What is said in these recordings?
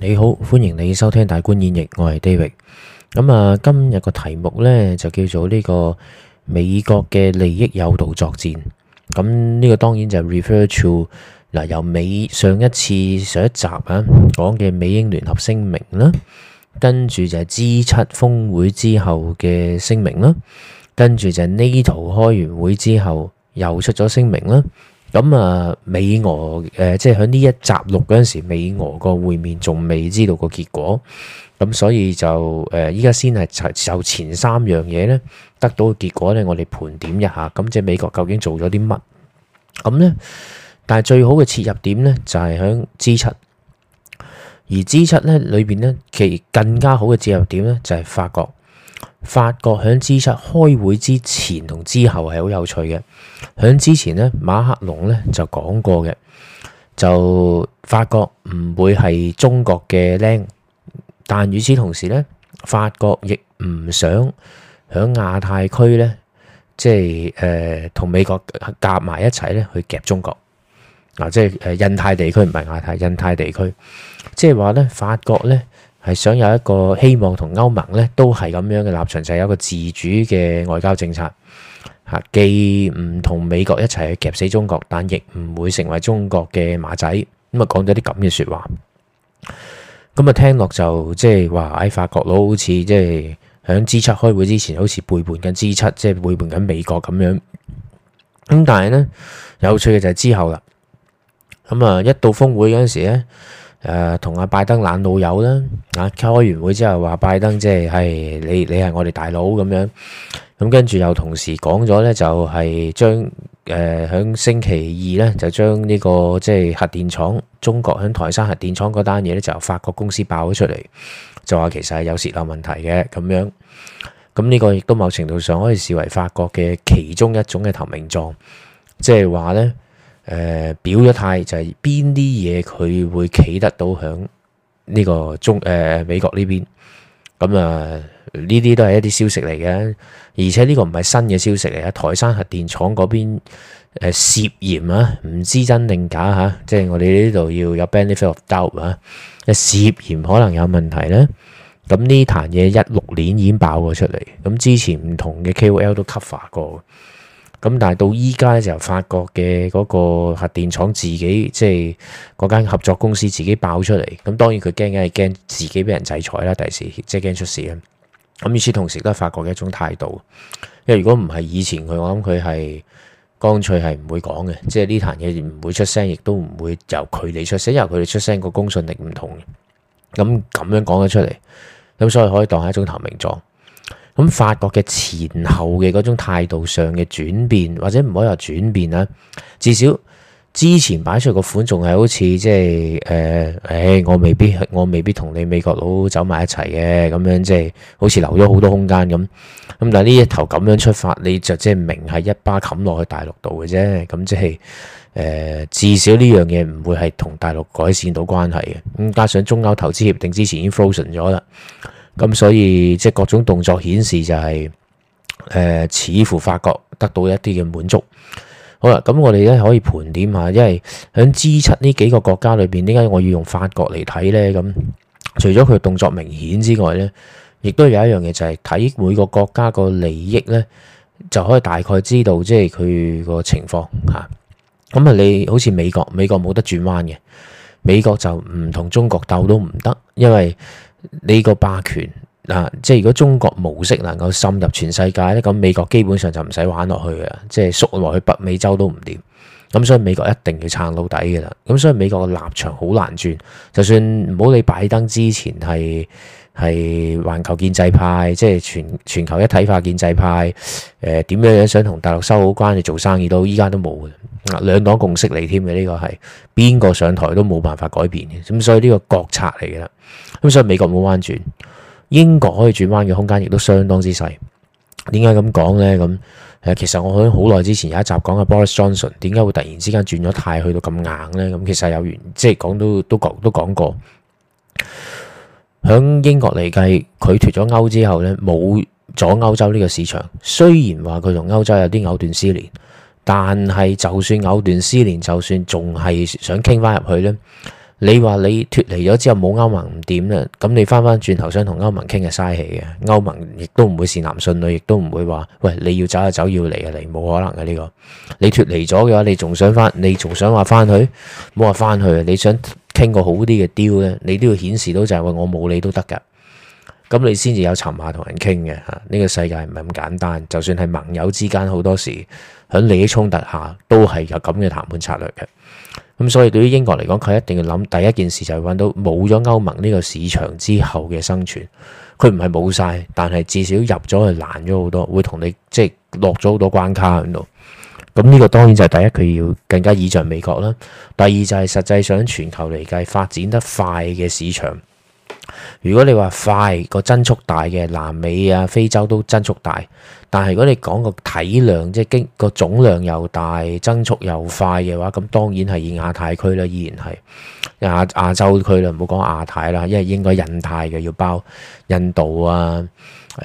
你好，歡迎你收聽大觀演繹，我係 David。咁啊，今日個題目呢，就叫做呢個美國嘅利益誘導作戰。咁、這、呢個當然就係 refer to 嗱，由美上一次上一集啊，講嘅美英聯合聲明啦，跟住就係 G 七峰會之後嘅聲明啦，跟住就係 NATO 開完會之後又出咗聲明啦。咁啊、嗯，美俄誒、呃，即係喺呢一集錄嗰陣時，美俄個會面仲未知道個結果，咁、嗯、所以就誒依家先係就前三樣嘢咧得到嘅結果咧，我哋盤點一下，咁即係美國究竟做咗啲乜咁咧？但係最好嘅切入點咧就係響 G7，而 G7 咧裏邊咧其更加好嘅切入點咧就係、是、法國。法國喺 G7 開會之前同之後係好有趣嘅。喺之前咧，馬克龍咧就講過嘅，就法國唔會係中國嘅靚，但與此同時咧，法國亦唔想喺亞太區咧，即係誒同美國夾埋一齊咧去夾中國。嗱，即係誒印太地區唔係亞太，印太地區，即係話咧法國咧。係想有一個希望同歐盟咧，都係咁樣嘅立場，就係有一個自主嘅外交政策，吓，既唔同美國一齊去夾死中國，但亦唔會成為中國嘅馬仔。咁啊，講咗啲咁嘅說話，咁啊聽落就即係話，喺法國佬好似即係響 G7 開會之前，好似背叛緊 G7，即係背叛緊美國咁樣。咁但係呢，有趣嘅就係之後啦。咁啊，一到峰會嗰陣時咧。同阿、呃、拜登攬老友啦，吓、啊、開完會之後話拜登即、就、係、是，係、哎、你你係我哋大佬咁樣，咁跟住又同時講咗呢，就係將誒響星期二呢，就將呢、這個即係、就是、核電廠，中國響台山核電廠嗰單嘢呢，就由法國公司爆咗出嚟，就話其實係有泄漏問題嘅咁樣，咁呢個亦都某程度上可以視為法國嘅其中一種嘅投名狀，即係話呢。誒、呃、表咗態就係邊啲嘢佢會企得到響呢個中誒、呃、美國呢邊咁啊？呢啲都係一啲消息嚟嘅，而且呢個唔係新嘅消息嚟啊！台山核電廠嗰邊、呃、涉嫌啊，唔知真定假嚇、啊，即係我哋呢度要有 benefit of doubt 啊，涉嫌可能有問題咧。咁呢壇嘢一六年已經爆過出嚟，咁之前唔同嘅 KOL 都 cover 過。咁但係到依家咧就由法國嘅嗰個核電廠自己即係嗰間合作公司自己爆出嚟，咁當然佢驚梗係驚自己俾人制裁啦，第時即係驚出事啦。咁與此同時都係法國嘅一種態度，因為如果唔係以前佢，我諗佢係乾脆係唔會講嘅，即係呢壇嘢唔會出聲，亦都唔會由佢哋出聲，因為佢哋出聲個公信力唔同嘅。咁咁樣講咗出嚟，咁所以可以當係一種投名狀。咁法國嘅前後嘅嗰種態度上嘅轉變，或者唔可以話轉變啦，至少之前擺出個款仲係好似即係誒，誒、呃欸、我未必我未必同你美國佬走埋一齊嘅咁樣，即係好似留咗好多空間咁。咁但係呢一頭咁樣出發，你就即係明係一巴冚落去大陸度嘅啫。咁即係誒，至少呢樣嘢唔會係同大陸改善到關係嘅。咁加上中歐投資協定之前已經 frozen 咗啦。咁所以即係各種動作顯示就係、是、誒、呃，似乎法國得到一啲嘅滿足。好啦，咁我哋咧可以盤點下，因為響支出 G7 呢幾個國家裏邊，點解我要用法國嚟睇呢？咁除咗佢動作明顯之外呢，亦都有一樣嘢就係、是、睇每個國家個利益呢，就可以大概知道即係佢個情況嚇。咁啊，你好似美國，美國冇得轉彎嘅，美國就唔同中國鬥都唔得，因為。呢個霸權嗱、啊，即係如果中國模式能夠深入全世界咧，咁美國基本上就唔使玩落去嘅,即係縮落去北美洲都唔掂。咁所以美國一定要撐到底嘅啦。咁所以美國嘅立場好難轉，就算唔好理拜登之前係。係環球建制派，即係全全球一體化建制派，誒，點樣樣想同大陸修好關係，就做生意都依家都冇嘅，兩黨共識嚟添嘅。呢個係邊個上台都冇辦法改變嘅，咁所以呢個國策嚟嘅啦，咁所以美國冇彎轉，英國可以轉彎嘅空間亦都相當之細，點解咁講呢？咁誒，其實我好耐之前有一集講阿 Boris Johnson 點解會突然之間轉咗態去到咁硬呢？咁其實有緣，即係講都都講都講過。喺英國嚟計，佢脫咗歐之後呢，冇咗歐洲呢個市場。雖然話佢同歐洲有啲藕斷絲連，但係就算藕斷絲連，就算仲係想傾翻入去你你呢，你話你脫離咗之後冇歐盟唔掂啊？咁你翻翻轉頭想同歐盟傾嘅嘥氣嘅。歐盟亦都唔會善男信女，亦都唔會話喂你要走啊走，要嚟啊嚟，冇可能嘅呢、這個。你脫離咗嘅話，你仲想翻？你仲想話翻去？冇話翻去啊！你想？傾個好啲嘅 deal 咧，你都要顯示到就係話我冇你都得噶，咁你先至有籌碼同人傾嘅吓。呢、呢個世界唔係咁簡單，就算係盟友之間，好多時喺利益衝突下都係有咁嘅談判策略嘅。咁所以對於英國嚟講，佢一定要諗第一件事就係搵到冇咗歐盟呢個市場之後嘅生存。佢唔係冇晒，但係至少入咗去難咗好多，會同你即係落咗好多關卡喺度。咁呢個當然就係第一，佢要更加倚仗美國啦。第二就係實際上全球嚟計發展得快嘅市場。如果你話快個增速大嘅，南美啊、非洲都增速大。但係如果你講個體量，即係經個總量又大、增速又快嘅話，咁當然係以亞太區啦，依然係亞亞洲區啦。唔好講亞太啦，因為應該印太嘅要包印度啊。誒誒、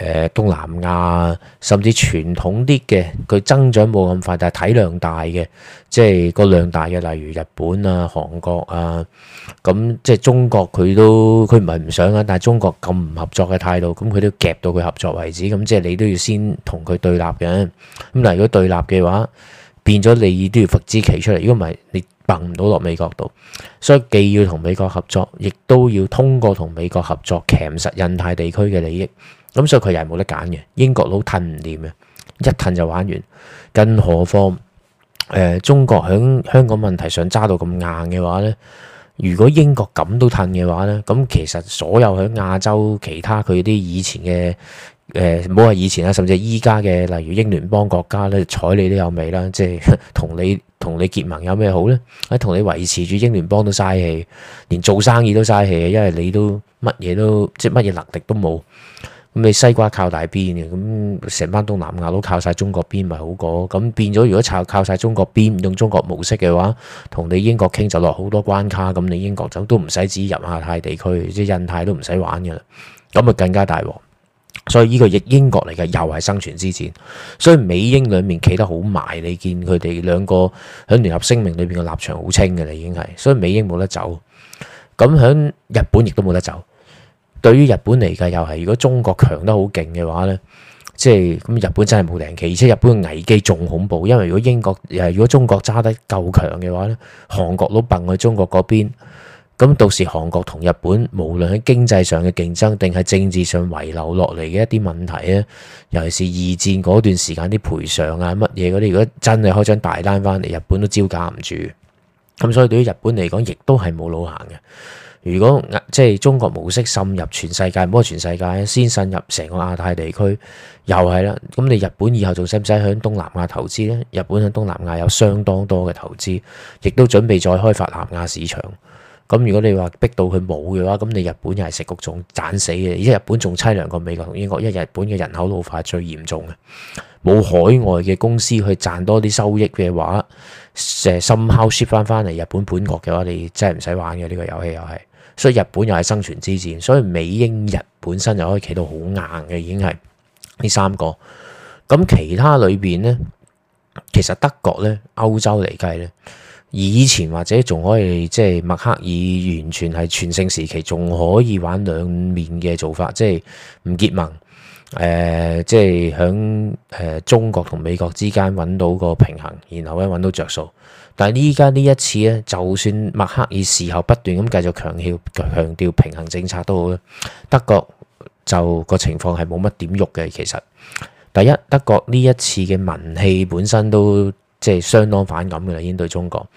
呃，東南亞甚至傳統啲嘅，佢增長冇咁快，但係體量大嘅，即係個量大嘅，例如日本啊、韓國啊，咁即係中國佢都佢唔係唔想啊，但係中國咁唔合作嘅態度，咁佢都夾到佢合作為止，咁即係你都要先同佢對立嘅，咁但係如果對立嘅話，變咗你都要付之其出嚟，如果唔係你。掟唔到落美國度，所以既要同美國合作，亦都要通過同美國合作鉗實印太地區嘅利益。咁所以佢又係冇得揀嘅。英國佬褪唔掂嘅，一褪就玩完。更何況誒、呃、中國喺香港問題上揸到咁硬嘅話呢，如果英國咁都褪嘅話呢，咁其實所有喺亞洲其他佢啲以前嘅。誒，唔好話以前啦，甚至依家嘅，例如英聯邦國家咧，睬你都有味啦。即係同你同你結盟有咩好呢？喺同你維持住英聯邦都嘥氣，連做生意都嘥氣，因為你都乜嘢都即係乜嘢能力都冇。咁你西瓜靠大邊嘅，咁成班東南亞都靠晒中國邊，咪好過？咁變咗如果靠靠晒中國邊，用中國模式嘅話，同你英國傾就落好多關卡。咁你英國走都唔使指入亞太地區，即係印太都唔使玩噶啦。咁啊，更加大鑊。所以呢個亦英國嚟嘅，又係生存之戰。所以美英兩面企得好埋，你見佢哋兩個響聯合聲明裏邊嘅立場好清嘅啦，已經係。所以美英冇得走，咁響日本亦都冇得走。對於日本嚟嘅，又係如果中國強得好勁嘅話呢，即係咁日本真係冇埞企。而且日本嘅危機仲恐怖，因為如果英國，如果中國揸得夠強嘅話呢，韓國都崩去中國嗰邊。咁到時，韓國同日本無論喺經濟上嘅競爭，定係政治上遺留落嚟嘅一啲問題咧，尤其是二戰嗰段時間啲賠償啊，乜嘢嗰啲，如果真係開張大單翻嚟，日本都招架唔住。咁所以對於日本嚟講，亦都係冇路行嘅。如果即係、就是、中國模式滲入全世界，唔好話全世界先滲入成個亞太地區，又係啦。咁你日本以後仲使唔使喺東南亞投資呢？日本喺東南亞有相當多嘅投資，亦都準備再開發南亞市場。咁如果你話逼到佢冇嘅話，咁你日本又係食谷種賺死嘅，而且日本仲淒涼過美國同英國，因為日本嘅人口老化係最嚴重嘅。冇海外嘅公司去賺多啲收益嘅話，成日深口 ship 翻翻嚟日本本國嘅話，你真係唔使玩嘅呢、呢個遊戲又係，所以日本又係生存之戰，所以美英日本身又可以企到好硬嘅，已經係呢三個。咁其他裏邊呢，其實德國呢，歐洲嚟計呢。以前或者仲可以即係默克爾完全係全盛時期，仲可以玩兩面嘅做法，即係唔結盟，誒、呃，即係響誒中國同美國之間揾到個平衡，然後咧揾到着數。但係依家呢一次咧，就算默克爾事後不斷咁繼續強調強調平衡政策都好，德國就個情況係冇乜點喐嘅。其實第一，德國呢一次嘅民氣本身都。即係相當反感嘅啦，應對中國，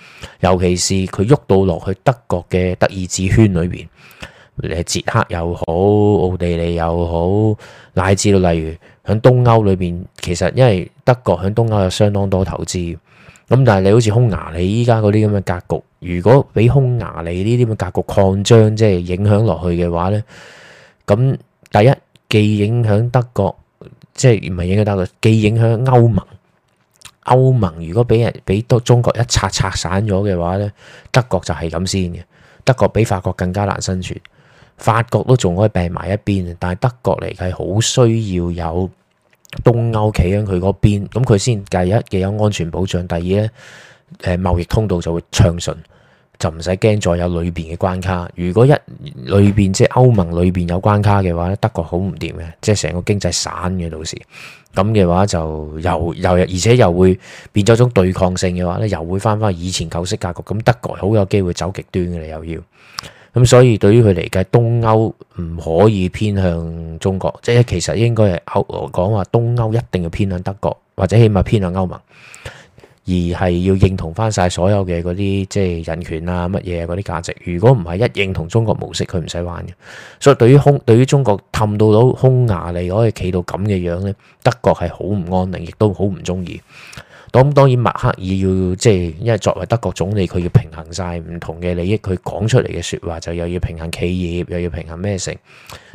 尤其是佢喐到落去德國嘅德意志圈裏邊，你捷克又好，奧地利又好，乃至到例如響東歐裏邊，其實因為德國響東歐有相當多投資，咁但係你好似匈牙利依家嗰啲咁嘅格局，如果俾匈牙利呢啲咁嘅格局擴張，即係影響落去嘅話呢，咁第一既影響德國，即係唔係影響德國，既影響歐盟。歐盟如果俾人俾多中國一拆拆散咗嘅話咧，德國就係咁先嘅。德國比法國更加難生存，法國都仲可以病埋一邊，但係德國嚟係好需要有東歐企喺佢嗰邊，咁佢先第一嘅有安全保障，第二咧，誒貿易通道就會暢順，就唔使驚再有裏邊嘅關卡。如果一裏邊即係歐盟裏邊有關卡嘅話咧，德國好唔掂嘅，即係成個經濟散嘅到時。咁嘅話就又又而且又會變咗種對抗性嘅話咧，又會翻翻以前舊式格局。咁德國好有機會走極端嘅，你又要咁。所以對於佢嚟計，東歐唔可以偏向中國，即係其實應該係我講話，東歐一定要偏向德國，或者起碼偏向歐盟。而係要認同翻晒所有嘅嗰啲即係人權啊、乜嘢嗰啲價值。如果唔係一認同中國模式，佢唔使玩嘅。所以對於匈對於中國氹到到匈牙利可以企到咁嘅樣咧，德國係好唔安寧，亦都好唔中意。當當然默克爾要即係因為作為德國總理，佢要平衡晒唔同嘅利益，佢講出嚟嘅説話就又要平衡企業，又要平衡咩成。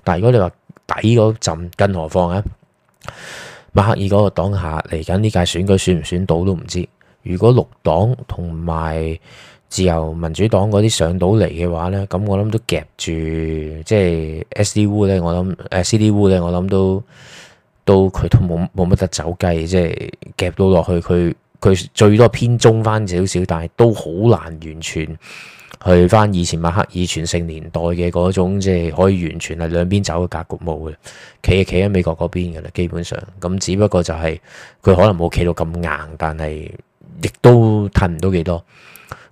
但係如果你話底嗰陣，更何況咧？默克爾嗰個黨下嚟緊呢屆選舉選唔選到都唔知。如果綠黨同埋自由民主黨嗰啲上到嚟嘅話呢，咁我諗都夾住，即係 S D U 呢。我諗誒 C D U 呢，我諗都都佢都冇冇乜得走雞，即係夾到落去，佢佢最多偏中翻少少，但係都好難完全去翻以前馬克爾全盛年代嘅嗰種，即係可以完全係兩邊走嘅格局冇嘅，企企喺美國嗰邊嘅啦，基本上，咁只不過就係佢可能冇企到咁硬，但係。亦都褪唔到幾多，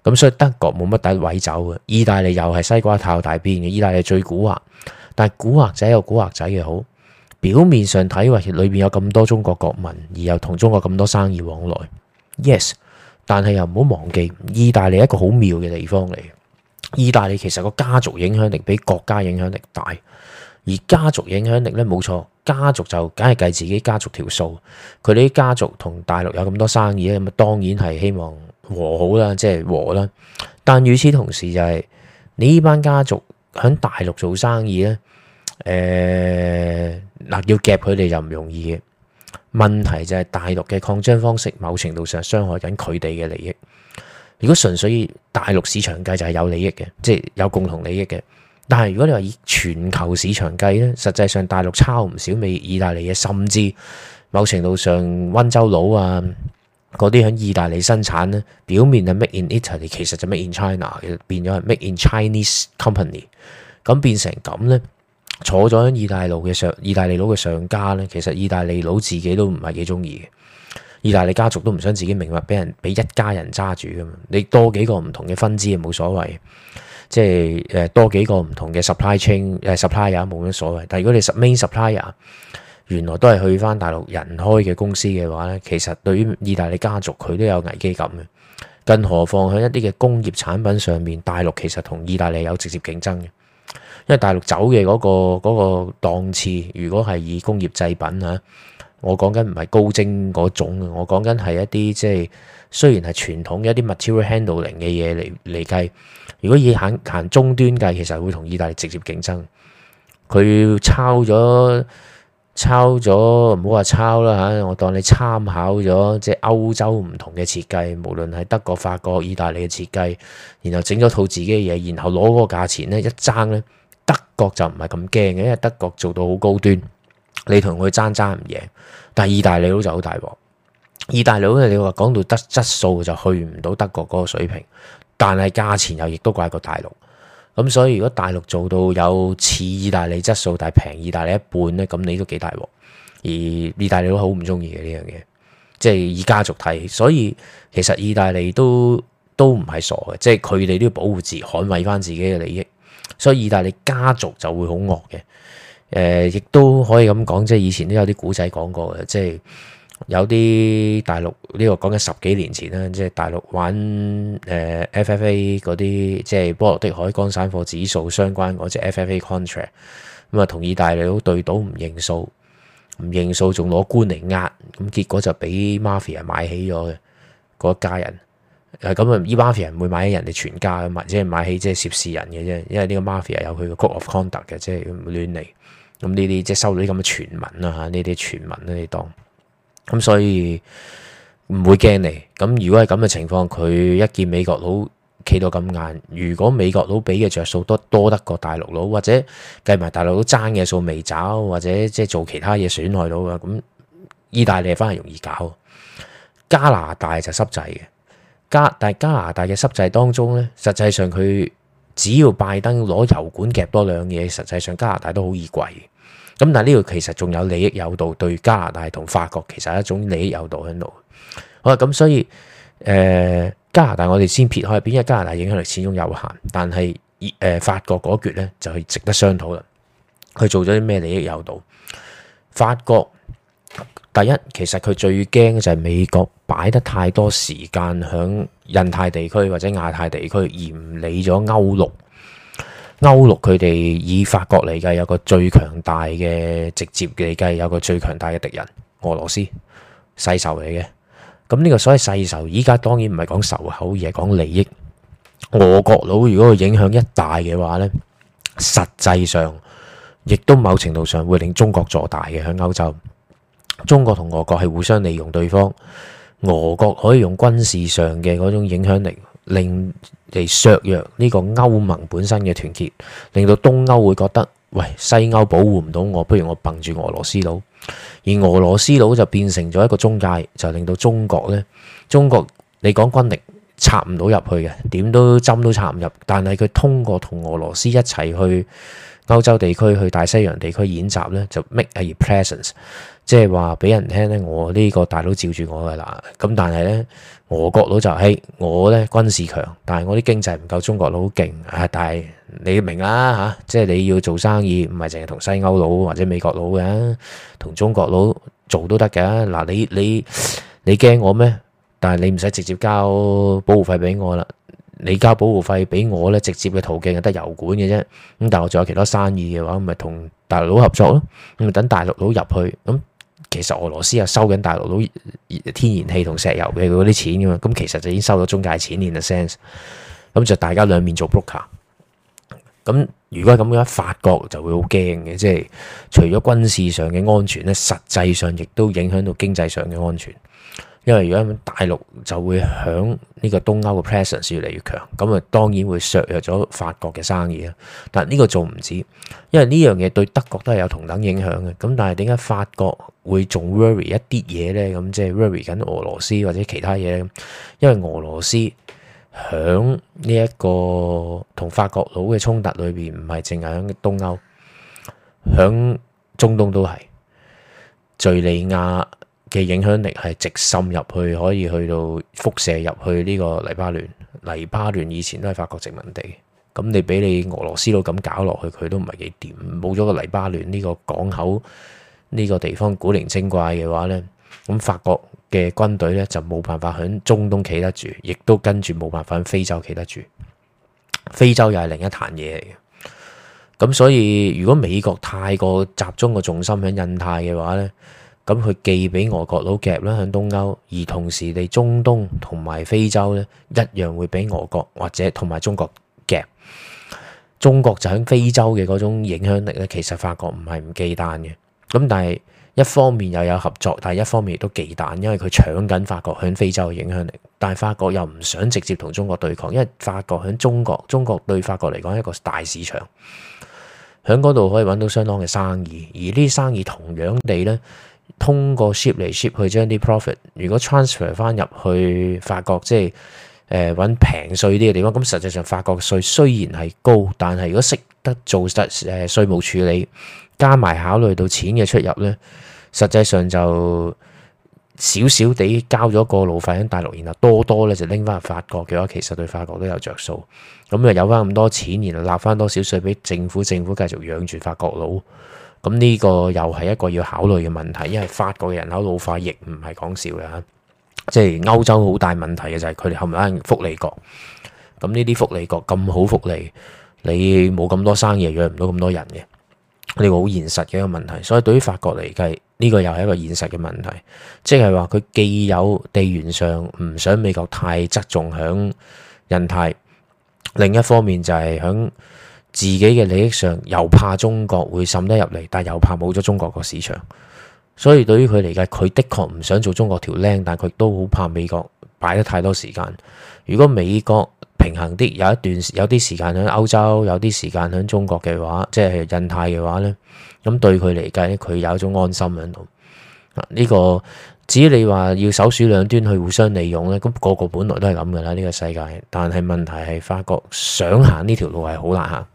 咁所以德國冇乜位走嘅，意大利又係西瓜靠大邊嘅，意大利最古惑，但係古惑仔有古惑仔嘅好，表面上睇話裏面有咁多中國國民，而又同中國咁多生意往來，Yes，但係又唔好忘記，意大利一個好妙嘅地方嚟，意大利其實個家族影響力比國家影響力大。而家族影響力咧冇錯，家族就梗係計自己家族條數。佢哋啲家族同大陸有咁多生意咧，咁啊當然係希望和好啦，即係和啦。但與此同時就係、是、你呢班家族喺大陸做生意咧，誒、呃、嗱要夾佢哋就唔容易嘅。問題就係大陸嘅擴張方式，某程度上傷害緊佢哋嘅利益。如果純粹大陸市場計，就係有利益嘅，即係有共同利益嘅。但係如果你話以全球市場計呢，實際上大陸抄唔少美意大利嘅，甚至某程度上溫州佬啊嗰啲喺意大利生產呢，表面係 make in Italy，其實就 make in China，變咗係 make in Chinese company。咁變成咁呢，坐咗喺意大利嘅上意大利佬嘅上家呢，其實意大利佬自己都唔係幾中意嘅。意大利家族都唔想自己名物俾人俾一家人揸住噶嘛，你多幾個唔同嘅分支，冇所謂。即係誒多幾個唔同嘅 supply chain 誒、啊、supplier 冇乜所謂。但係如果你 s main supplier 原來都係去翻大陸人開嘅公司嘅話咧，其實對於意大利家族佢都有危機感嘅。更何況喺一啲嘅工業產品上面，大陸其實同意大利有直接競爭嘅，因為大陸走嘅嗰個嗰個檔次，如果係以工業製品嚇。我講緊唔係高精嗰種。我講緊係一啲即係雖然係傳統嘅一啲 material handling 嘅嘢嚟嚟計。如果以行行中端計，其實會同意大利直接競爭。佢抄咗抄咗，唔好話抄啦嚇！我當你參考咗即係歐洲唔同嘅設計，無論係德國、法國、意大利嘅設計，然後整咗套自己嘅嘢，然後攞嗰個價錢咧一爭咧，德國就唔係咁驚嘅，因為德國做到好高端。你同佢爭爭唔贏，但係意大利佬就好大鑊。意大利佬你話講到得質素就去唔到德國嗰個水平，但係價錢又亦都貴過大陸。咁所以如果大陸做到有似意大利質素但係平意大利一半咧，咁你都幾大鑊。而意大利佬好唔中意嘅呢樣嘢，即係以家族睇，所以其實意大利都都唔係傻嘅，即係佢哋都要保護自捍衛返自己嘅利益，所以意大利家族就會好惡嘅。誒，亦都、呃、可以咁講，即係以前都有啲古仔講過嘅，即係有啲大陸呢、這個講緊十幾年前啦，即係大陸玩誒、呃、FFA 嗰啲，即係波羅的海乾散貨指數相關嗰隻 FFA contract，咁啊同意大利佬對賭唔認數，唔認數仲攞官嚟呃。咁結果就俾 mafia 買起咗嘅嗰一家人。咁、嗯、啊，依 mafia 唔會買起人哋全家嘅嘛，即係買起即係涉事人嘅啫，因為呢個 mafia 有佢嘅 code of conduct 嘅，即係亂嚟。咁呢啲即係收到啲咁嘅傳聞啊，嚇，呢啲傳聞咧，你當咁所以唔會驚你。咁如果係咁嘅情況，佢一見美國佬企到咁硬，如果美國佬俾嘅着數多多得過大陸佬，或者計埋大陸佬爭嘅數未找，或者即係做其他嘢損害到嘅，咁意大利反而容易搞。加拿大就濕滯嘅，加但係加拿大嘅濕滯當中咧，實際上佢。只要拜登攞油管夾多兩嘢，實際上加拿大都好易跪嘅。咁但係呢度其實仲有利益誘導對加拿大同法國，其實係一種利益誘導喺度。好啦，咁所以誒、呃、加拿大我哋先撇開，因為加拿大影響力始終有限，但係誒、呃、法國嗰橛咧就係值得商討啦。佢做咗啲咩利益誘導？法國。第一，其實佢最驚就係美國擺得太多時間響印太地區或者亞太地區，而唔理咗歐陸。歐陸佢哋以法國嚟計，有個最強大嘅直接嚟計，有個最強大嘅敵人，俄羅斯世仇嚟嘅。咁呢個所謂世仇，依家當然唔係講仇口，而係講利益。俄國佬如果佢影響一大嘅話呢，實際上亦都某程度上會令中國做大嘅喺歐洲。.中國同俄國係互相利用對方，俄國可以用軍事上嘅嗰種影響力，令嚟削弱呢個歐盟本身嘅團結，令到東歐會覺得喂，西歐保護唔到我，不如我揼住俄羅斯佬，而俄羅斯佬就變成咗一個中介，就令到中國呢——中國你講軍力插唔到入去嘅，點都針都插唔入，但係佢通過同俄羅斯一齊去歐洲地區、去大西洋地區演習呢，就 make a presence。即係話俾人聽咧，我呢個大佬照住我嘅啦。咁但係咧，俄國佬就係我咧軍事強，但係我啲經濟唔夠中國佬勁啊。但係你明啦嚇，即係你要做生意唔係淨係同西歐佬或者美國佬嘅，同中國佬做都得嘅。嗱，你你你驚我咩？但係你唔使直接交保護費俾我啦。你交保護費俾我咧，直接嘅途徑係得油管嘅啫。咁但係我仲有其他生意嘅話，咪同大陸佬合作咯。咁咪等大陸佬入去咁。其實俄羅斯又收緊大陸佬天然氣同石油嘅嗰啲錢㗎嘛，咁其實就已經收咗中介錢 in a sense，咁就大家兩面做 broker。咁如果咁樣，法國就會好驚嘅，即係除咗軍事上嘅安全咧，實際上亦都影響到經濟上嘅安全。因為如果大陸就會響呢個東歐嘅 presence 越嚟越強，咁啊當然會削弱咗法國嘅生意啦。但呢個仲唔止，因為呢樣嘢對德國都係有同等影響嘅。咁但係點解法國會仲 worry 一啲嘢呢？咁即係 worry 緊俄羅斯或者其他嘢？因為俄羅斯響呢一個同法國佬嘅衝突裏邊，唔係淨係響東歐，響中東都係敍利亞嘅影響力係直滲入去，可以去到輻射入去呢個黎巴嫩。黎巴嫩以前都係法國殖民地，咁你俾你俄羅斯佬咁搞落去，佢都唔係幾掂。冇咗個黎巴嫩呢個港口，呢個地方古靈精怪嘅話呢，咁法國嘅軍隊呢就冇辦法喺中東企得住，亦都跟住冇辦法喺非洲企得住。非洲又係另一壇嘢嚟嘅，咁所以如果美國太過集中個重心喺印太嘅話呢。咁佢寄俾俄國佬夾啦，響東歐；而同時，你中東同埋非洲咧，一樣會俾俄國或者同埋中國夾。中國就響非洲嘅嗰種影響力咧，其實法國唔係唔忌憚嘅。咁但係一方面又有合作，但係一方面亦都忌憚，因為佢搶緊法國響非洲嘅影響力。但係法國又唔想直接同中國對抗，因為法國響中國，中國對法國嚟講係一個大市場，響嗰度可以揾到相當嘅生意。而呢啲生意同樣地咧。通過 ship 嚟 ship 去將啲 profit，如果 transfer 翻入去法國，即係誒揾平稅啲嘅地方，咁實際上法國稅雖然係高，但係如果識得做實誒稅務處理，加埋考慮到錢嘅出入咧，實際上就少少地交咗過路費喺大陸，然後多多咧就拎翻去法國嘅話，其實對法國都有着數，咁又有翻咁多錢，然後納翻多少稅俾政府，政府繼續養住法國佬。咁呢個又係一個要考慮嘅問題，因為法國嘅人口老化亦唔係講笑嘅嚇，即係歐洲好大問題嘅就係佢哋後面福利國。咁呢啲福利國咁好福利，你冇咁多生意，養唔到咁多人嘅，呢個好現實嘅一個問題。所以對於法國嚟計，呢、這個又係一個現實嘅問題，即係話佢既有地緣上唔想美國太側重響印太，另一方面就係響。自己嘅利益上又怕中國會滲得入嚟，但又怕冇咗中國個市場，所以對於佢嚟計，佢的確唔想做中國條僆，但佢都好怕美國擺得太多時間。如果美國平衡啲，有一段有啲時間響歐洲，有啲時間響中國嘅話，即係印太嘅話呢，咁對佢嚟計，佢有一種安心喺度。呢、啊這個。至於你話要首鼠兩端去互相利用呢，咁、那個個本來都係咁嘅啦，呢、這個世界。但係問題係法國想行呢條路係好難行。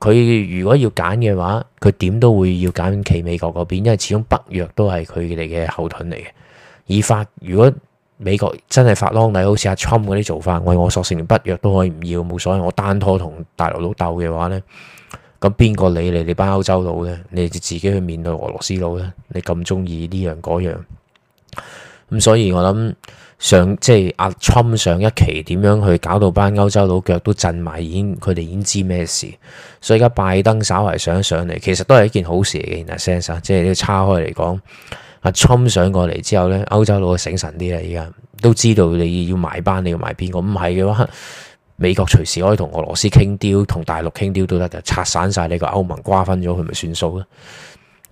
佢如果要揀嘅話，佢點都會要揀企美國嗰邊，因為始終北約都係佢哋嘅後盾嚟嘅。而法如果美國真係發狼戾，好似阿 Trump 嗰啲做法，我我索性連北約都可以唔要，冇所謂。我單拖同大陸佬鬥嘅話呢，咁邊個理你？你班歐洲佬呢，你自己去面對俄羅斯佬呢？你咁中意呢樣嗰樣。咁、嗯、所以我，我諗上即係阿 t 上一期點樣去搞到班歐洲佬腳都震埋，已經佢哋已經知咩事。所以而家拜登稍為上一上嚟，其實都係一件好事嘅。s e n 即係你叉開嚟講，阿 t 上過嚟之後呢，歐洲佬醒神啲啦，而家都知道你要埋班，你要埋邊個唔係嘅話，美國隨時可以同俄羅斯傾刁，同大陸傾刁都得噶，拆散晒你個歐盟，瓜分咗佢咪算數咯？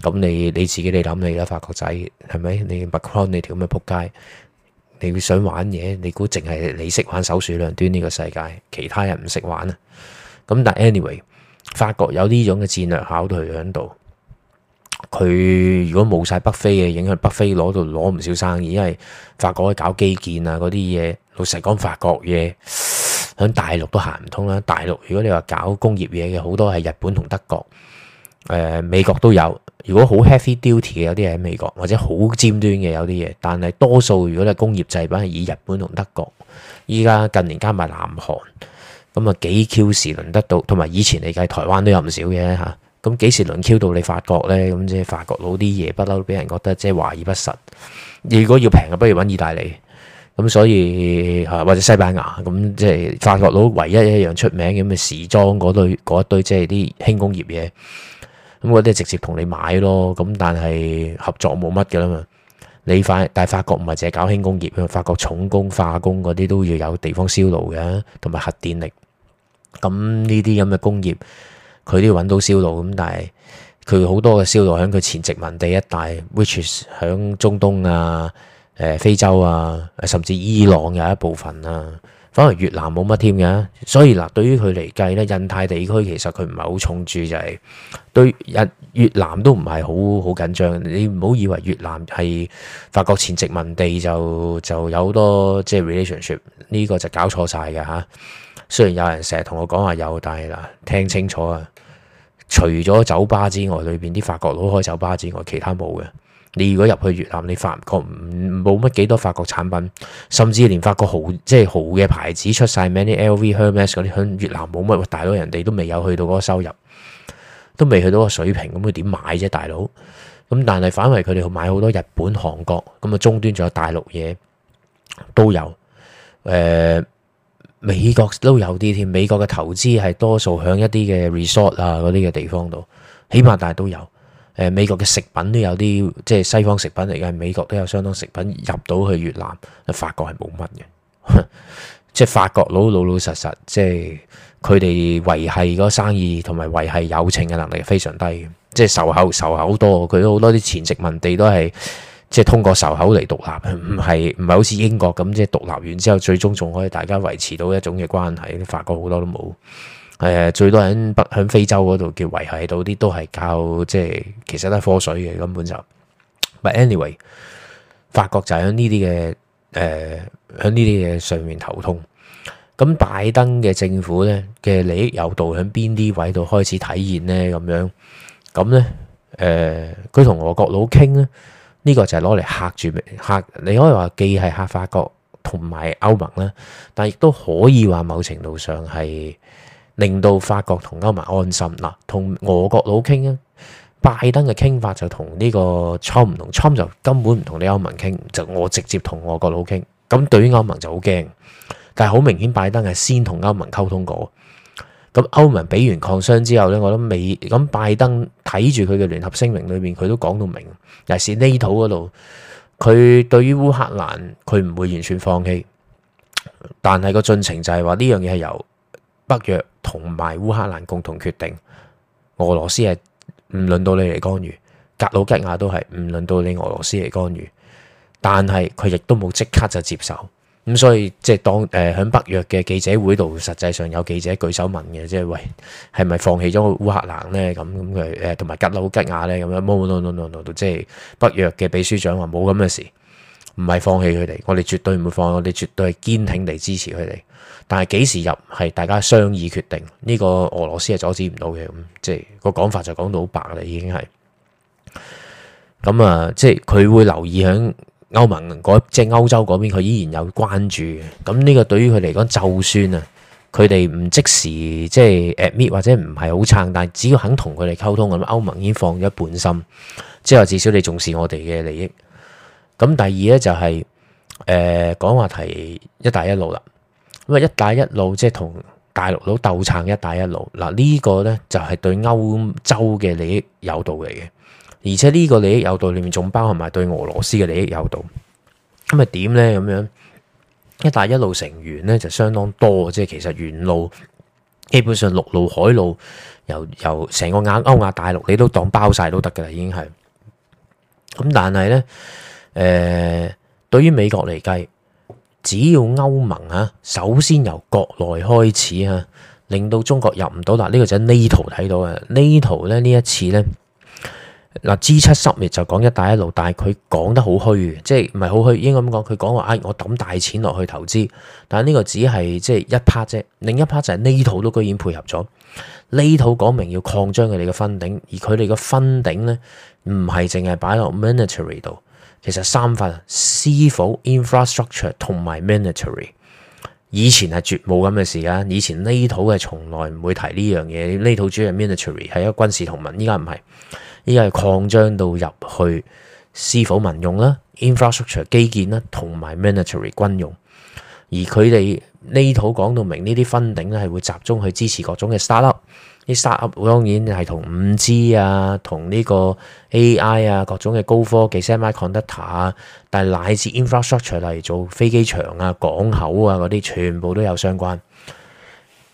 咁你你自己你諗你啦，法國仔係咪？你 Macron 你條咁嘅仆街，你要想玩嘢，你估淨係你識玩首鼠兩端呢個世界，其他人唔識玩啊？咁但 anyway，法國有呢種嘅戰略考慮喺度。佢如果冇晒北非嘅影響，北非攞到攞唔少生意，因為法國喺搞基建啊嗰啲嘢。老實講，法國嘢喺大陸都行唔通啦。大陸如果你話搞工業嘢嘅，好多係日本同德國。誒、呃、美國都有，如果好 heavy duty 嘅有啲係喺美國，或者好尖端嘅有啲嘢，但係多數如果係工業製品係以日本同德國，依家近年加埋南韓，咁啊幾 Q 時，輪得到，同埋以前你計台灣都有唔少嘅嚇，咁、啊、幾時輪 Q 到你法國呢？咁即係法國佬啲嘢不嬲，俾人覺得即係華而不實。如果要平嘅，不如揾意大利，咁所以或者西班牙，咁即係法國佬唯一一樣出名嘅咁嘅時裝嗰類嗰一堆即係啲輕工業嘢。咁嗰啲直接同你買咯，咁但係合作冇乜嘅啦嘛。你法但係法國唔係淨係搞輕工業，法國重工、化工嗰啲都要有地方銷路嘅，同埋核電力。咁呢啲咁嘅工業，佢都要揾到銷路。咁但係佢好多嘅銷路喺佢前殖民地一帶，which is 喺中東啊、誒、呃、非洲啊，甚至伊朗有一部分啊。反而越南冇乜添嘅，所以嗱，對於佢嚟計咧，印太地區其實佢唔係好重注，就係、是、對日越南都唔係好好緊張。你唔好以為越南係法國前殖民地就就有好多即係 relationship，呢個就搞錯晒嘅吓。雖然有人成日同我講話有，但係嗱，聽清楚啊！除咗酒吧之外，裏邊啲法國佬開酒吧之外，其他冇嘅。你如果入去越南，你發覺冇乜幾多法國產品，甚至連法國豪即係豪嘅牌子出晒名啲 LV、Hermes 嗰啲響越南冇乜，大佬人哋都未有去到嗰個收入，都未去到個水平，咁佢點買啫，大佬？咁但係反為佢哋買好多日本、韓國，咁啊中端仲有大陸嘢都有，誒、呃、美國都有啲添，美國嘅投資係多數響一啲嘅 resort 啊嗰啲嘅地方度，起碼但係都有。誒美國嘅食品都有啲，即係西方食品嚟嘅。美國都有相當食品入到去越南，法國係冇乜嘅。 即係法國老,老老實實，即係佢哋維係個生意同埋維繫友情嘅能力非常低。即係受口受口多，佢都好多啲前殖民地都係即係通過仇口嚟獨立，唔係唔係好似英國咁，即係獨立完之後，最終仲可以大家維持到一種嘅關係。法國好多都冇。係最多喺北，喺非洲嗰度叫維係到啲，都係靠即係，其實都係科水嘅根本就。But anyway，法國就喺呢啲嘅誒，喺呢啲嘅上面頭痛。咁拜登嘅政府咧嘅利益有道，喺邊啲位度開始體現咧？咁樣咁咧誒，佢、呃、同俄國佬傾咧呢、呢個就係攞嚟嚇住嚇，你可以話既係嚇法國同埋歐盟啦，但亦都可以話某程度上係。令到法國同歐盟安心嗱，同俄國佬傾啊。拜登嘅傾法就同呢個 Trump 唔同，Trump 就根本唔同你歐盟傾，就我直接同俄國佬傾。咁對於歐盟就好驚，但係好明顯拜登係先同歐盟溝通過。咁歐盟俾完抗傷之後咧，我諗美。咁拜登睇住佢嘅聯合聲明裏面，佢都講到明，尤其是 NATO 嗰度，佢對於烏克蘭佢唔會完全放棄，但係個進程就係話呢樣嘢係由。北約同埋烏克蘭共同決定，俄羅斯係唔輪到你嚟干預，格魯吉亞都係唔輪到你俄羅斯嚟干預。但係佢亦都冇即刻就接受咁，所以即係、就是、當誒喺、呃、北約嘅記者會度，實際上有記者舉手問嘅，即係喂係咪放棄咗烏克蘭咧？咁咁佢誒同埋格魯吉亞咧咁樣 no no no no no，即係北約嘅秘書長話冇咁嘅事，唔係放棄佢哋，我哋絕對唔會放棄，我哋絕對係堅挺地支持佢哋。但係幾時入係大家商議決定呢、這個俄羅斯係阻止唔到嘅，咁即係、這個講法就講到好白啦，已經係咁啊。即係佢會留意響歐盟嗰即係歐洲嗰邊，佢依然有關注。咁、這、呢個對於佢嚟講，就算啊，佢哋唔即時即係 admit 或者唔係好撐，但係只要肯同佢哋溝通咁，歐盟已經放咗一半心，之後至少你重視我哋嘅利益。咁第二呢，就係、是、誒、呃、講話題一帶一路啦。咁啊，一帶一路即係同大陸佬鬥撐一帶一路嗱。呢、這個咧就係對歐洲嘅利益誘導嚟嘅，而且呢個利益誘導裏面仲包含埋對俄羅斯嘅利益誘導。咁啊點咧咁樣？一帶一路成員咧就相當多，即係其實沿路基本上陸路海路由由成個亞歐亞大陸你都當包晒都得㗎啦，已經係。咁但係咧，誒、呃、對於美國嚟計。只要歐盟嚇，首先由國內開始嚇，令到中國入唔到嗱。呢、這個就係呢圖睇到嘅，呢圖咧呢一次咧嗱，G7 Summit 就講一帶一路，但係佢講得好虛嘅，即係唔係好虛應該咁講，佢講話唉，我抌大錢落去投資，但係呢個只係即係一 part 啫，另一 part 就係呢圖都居然配合咗，呢圖講明要擴張佢哋嘅分頂，而佢哋嘅分頂咧唔係淨係擺落 military 度。其實三份是否 infrastructure 同埋 military 以前係絕冇咁嘅事㗎。以前呢套係從來唔會提呢樣嘢，呢套主要係 military 係一個軍事同盟，依家唔係，依家係擴張到入去是否民用啦，infrastructure 基建啦，同埋 military 軍用。而佢哋呢套講到明呢啲分頂咧係會集中去支持各種嘅 startup。啲 set up 當然係同五 G 啊，同呢個 AI 啊，各種嘅高科技 semiconductor 啊，ctor，但係乃至 infrastructure，例如做飛機場啊、港口啊嗰啲，全部都有相關。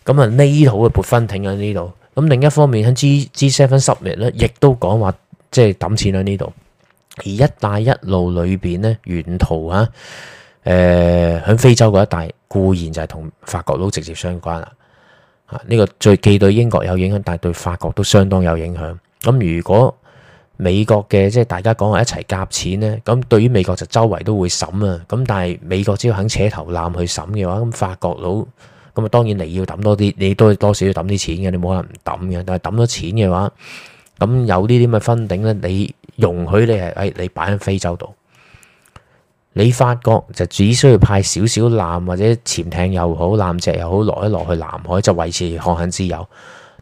咁啊呢度嘅撥分停喺呢度。咁另一方面喺 G G7 Summit 咧，亦都講話即係揼錢喺呢度。而一帶一路裏邊咧，沿途啊，誒、呃、喺非洲嗰一帶，固然就係同法國都直接相關啦。啊！呢個最既對英國有影響，但係對法國都相當有影響。咁如果美國嘅即係大家講話一齊夾錢咧，咁對於美國就周圍都會審啊。咁但係美國只要肯扯頭纜去審嘅話，咁法國佬咁啊當然你要揼多啲，你都多少要揼啲錢嘅，你冇可能唔揼嘅。但係揼咗錢嘅話，咁有呢啲咁嘅分頂咧，你容許你係誒你擺喺非洲度。你法國就只需要派少少艦或者潛艇又好，艦隻又好，落一落去南海就維持航行自由。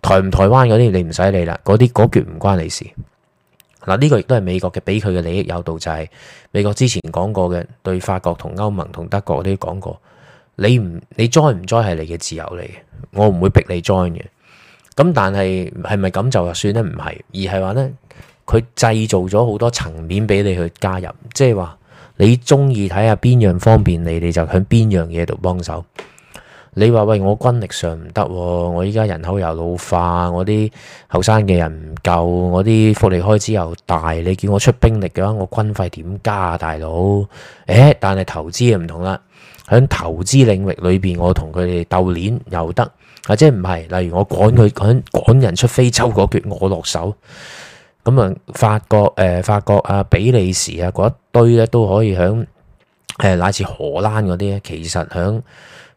台唔台灣嗰啲你唔使理啦，嗰啲嗰橛唔關你事。嗱、啊，呢、這個亦都係美國嘅，俾佢嘅利益誘導就係、是、美國之前講過嘅，對法國同歐盟同德國嗰啲講過，你唔你 join 唔 join 係你嘅自由嚟嘅，我唔會逼你 join 嘅。咁但係係咪咁就話算咧？唔係，而係話咧，佢製造咗好多層面俾你去加入，即係話。你中意睇下邊樣方便你，你就響邊樣嘢度幫手。你話喂，我軍力上唔得，我依家人口又老化，我啲後生嘅人唔夠，我啲福利開支又大，你叫我出兵力嘅話，我軍費點加啊，大佬？誒、欸，但係投資又唔同啦，響投資領域裏邊，我同佢哋鬥鏈又得，或者唔係，例如我趕佢響趕人出非洲嗰橛，那個、我落手。咁啊、呃，法國、誒法國啊、比利時啊嗰一堆咧，都可以響誒、呃，乃至荷蘭嗰啲咧，其實響誒、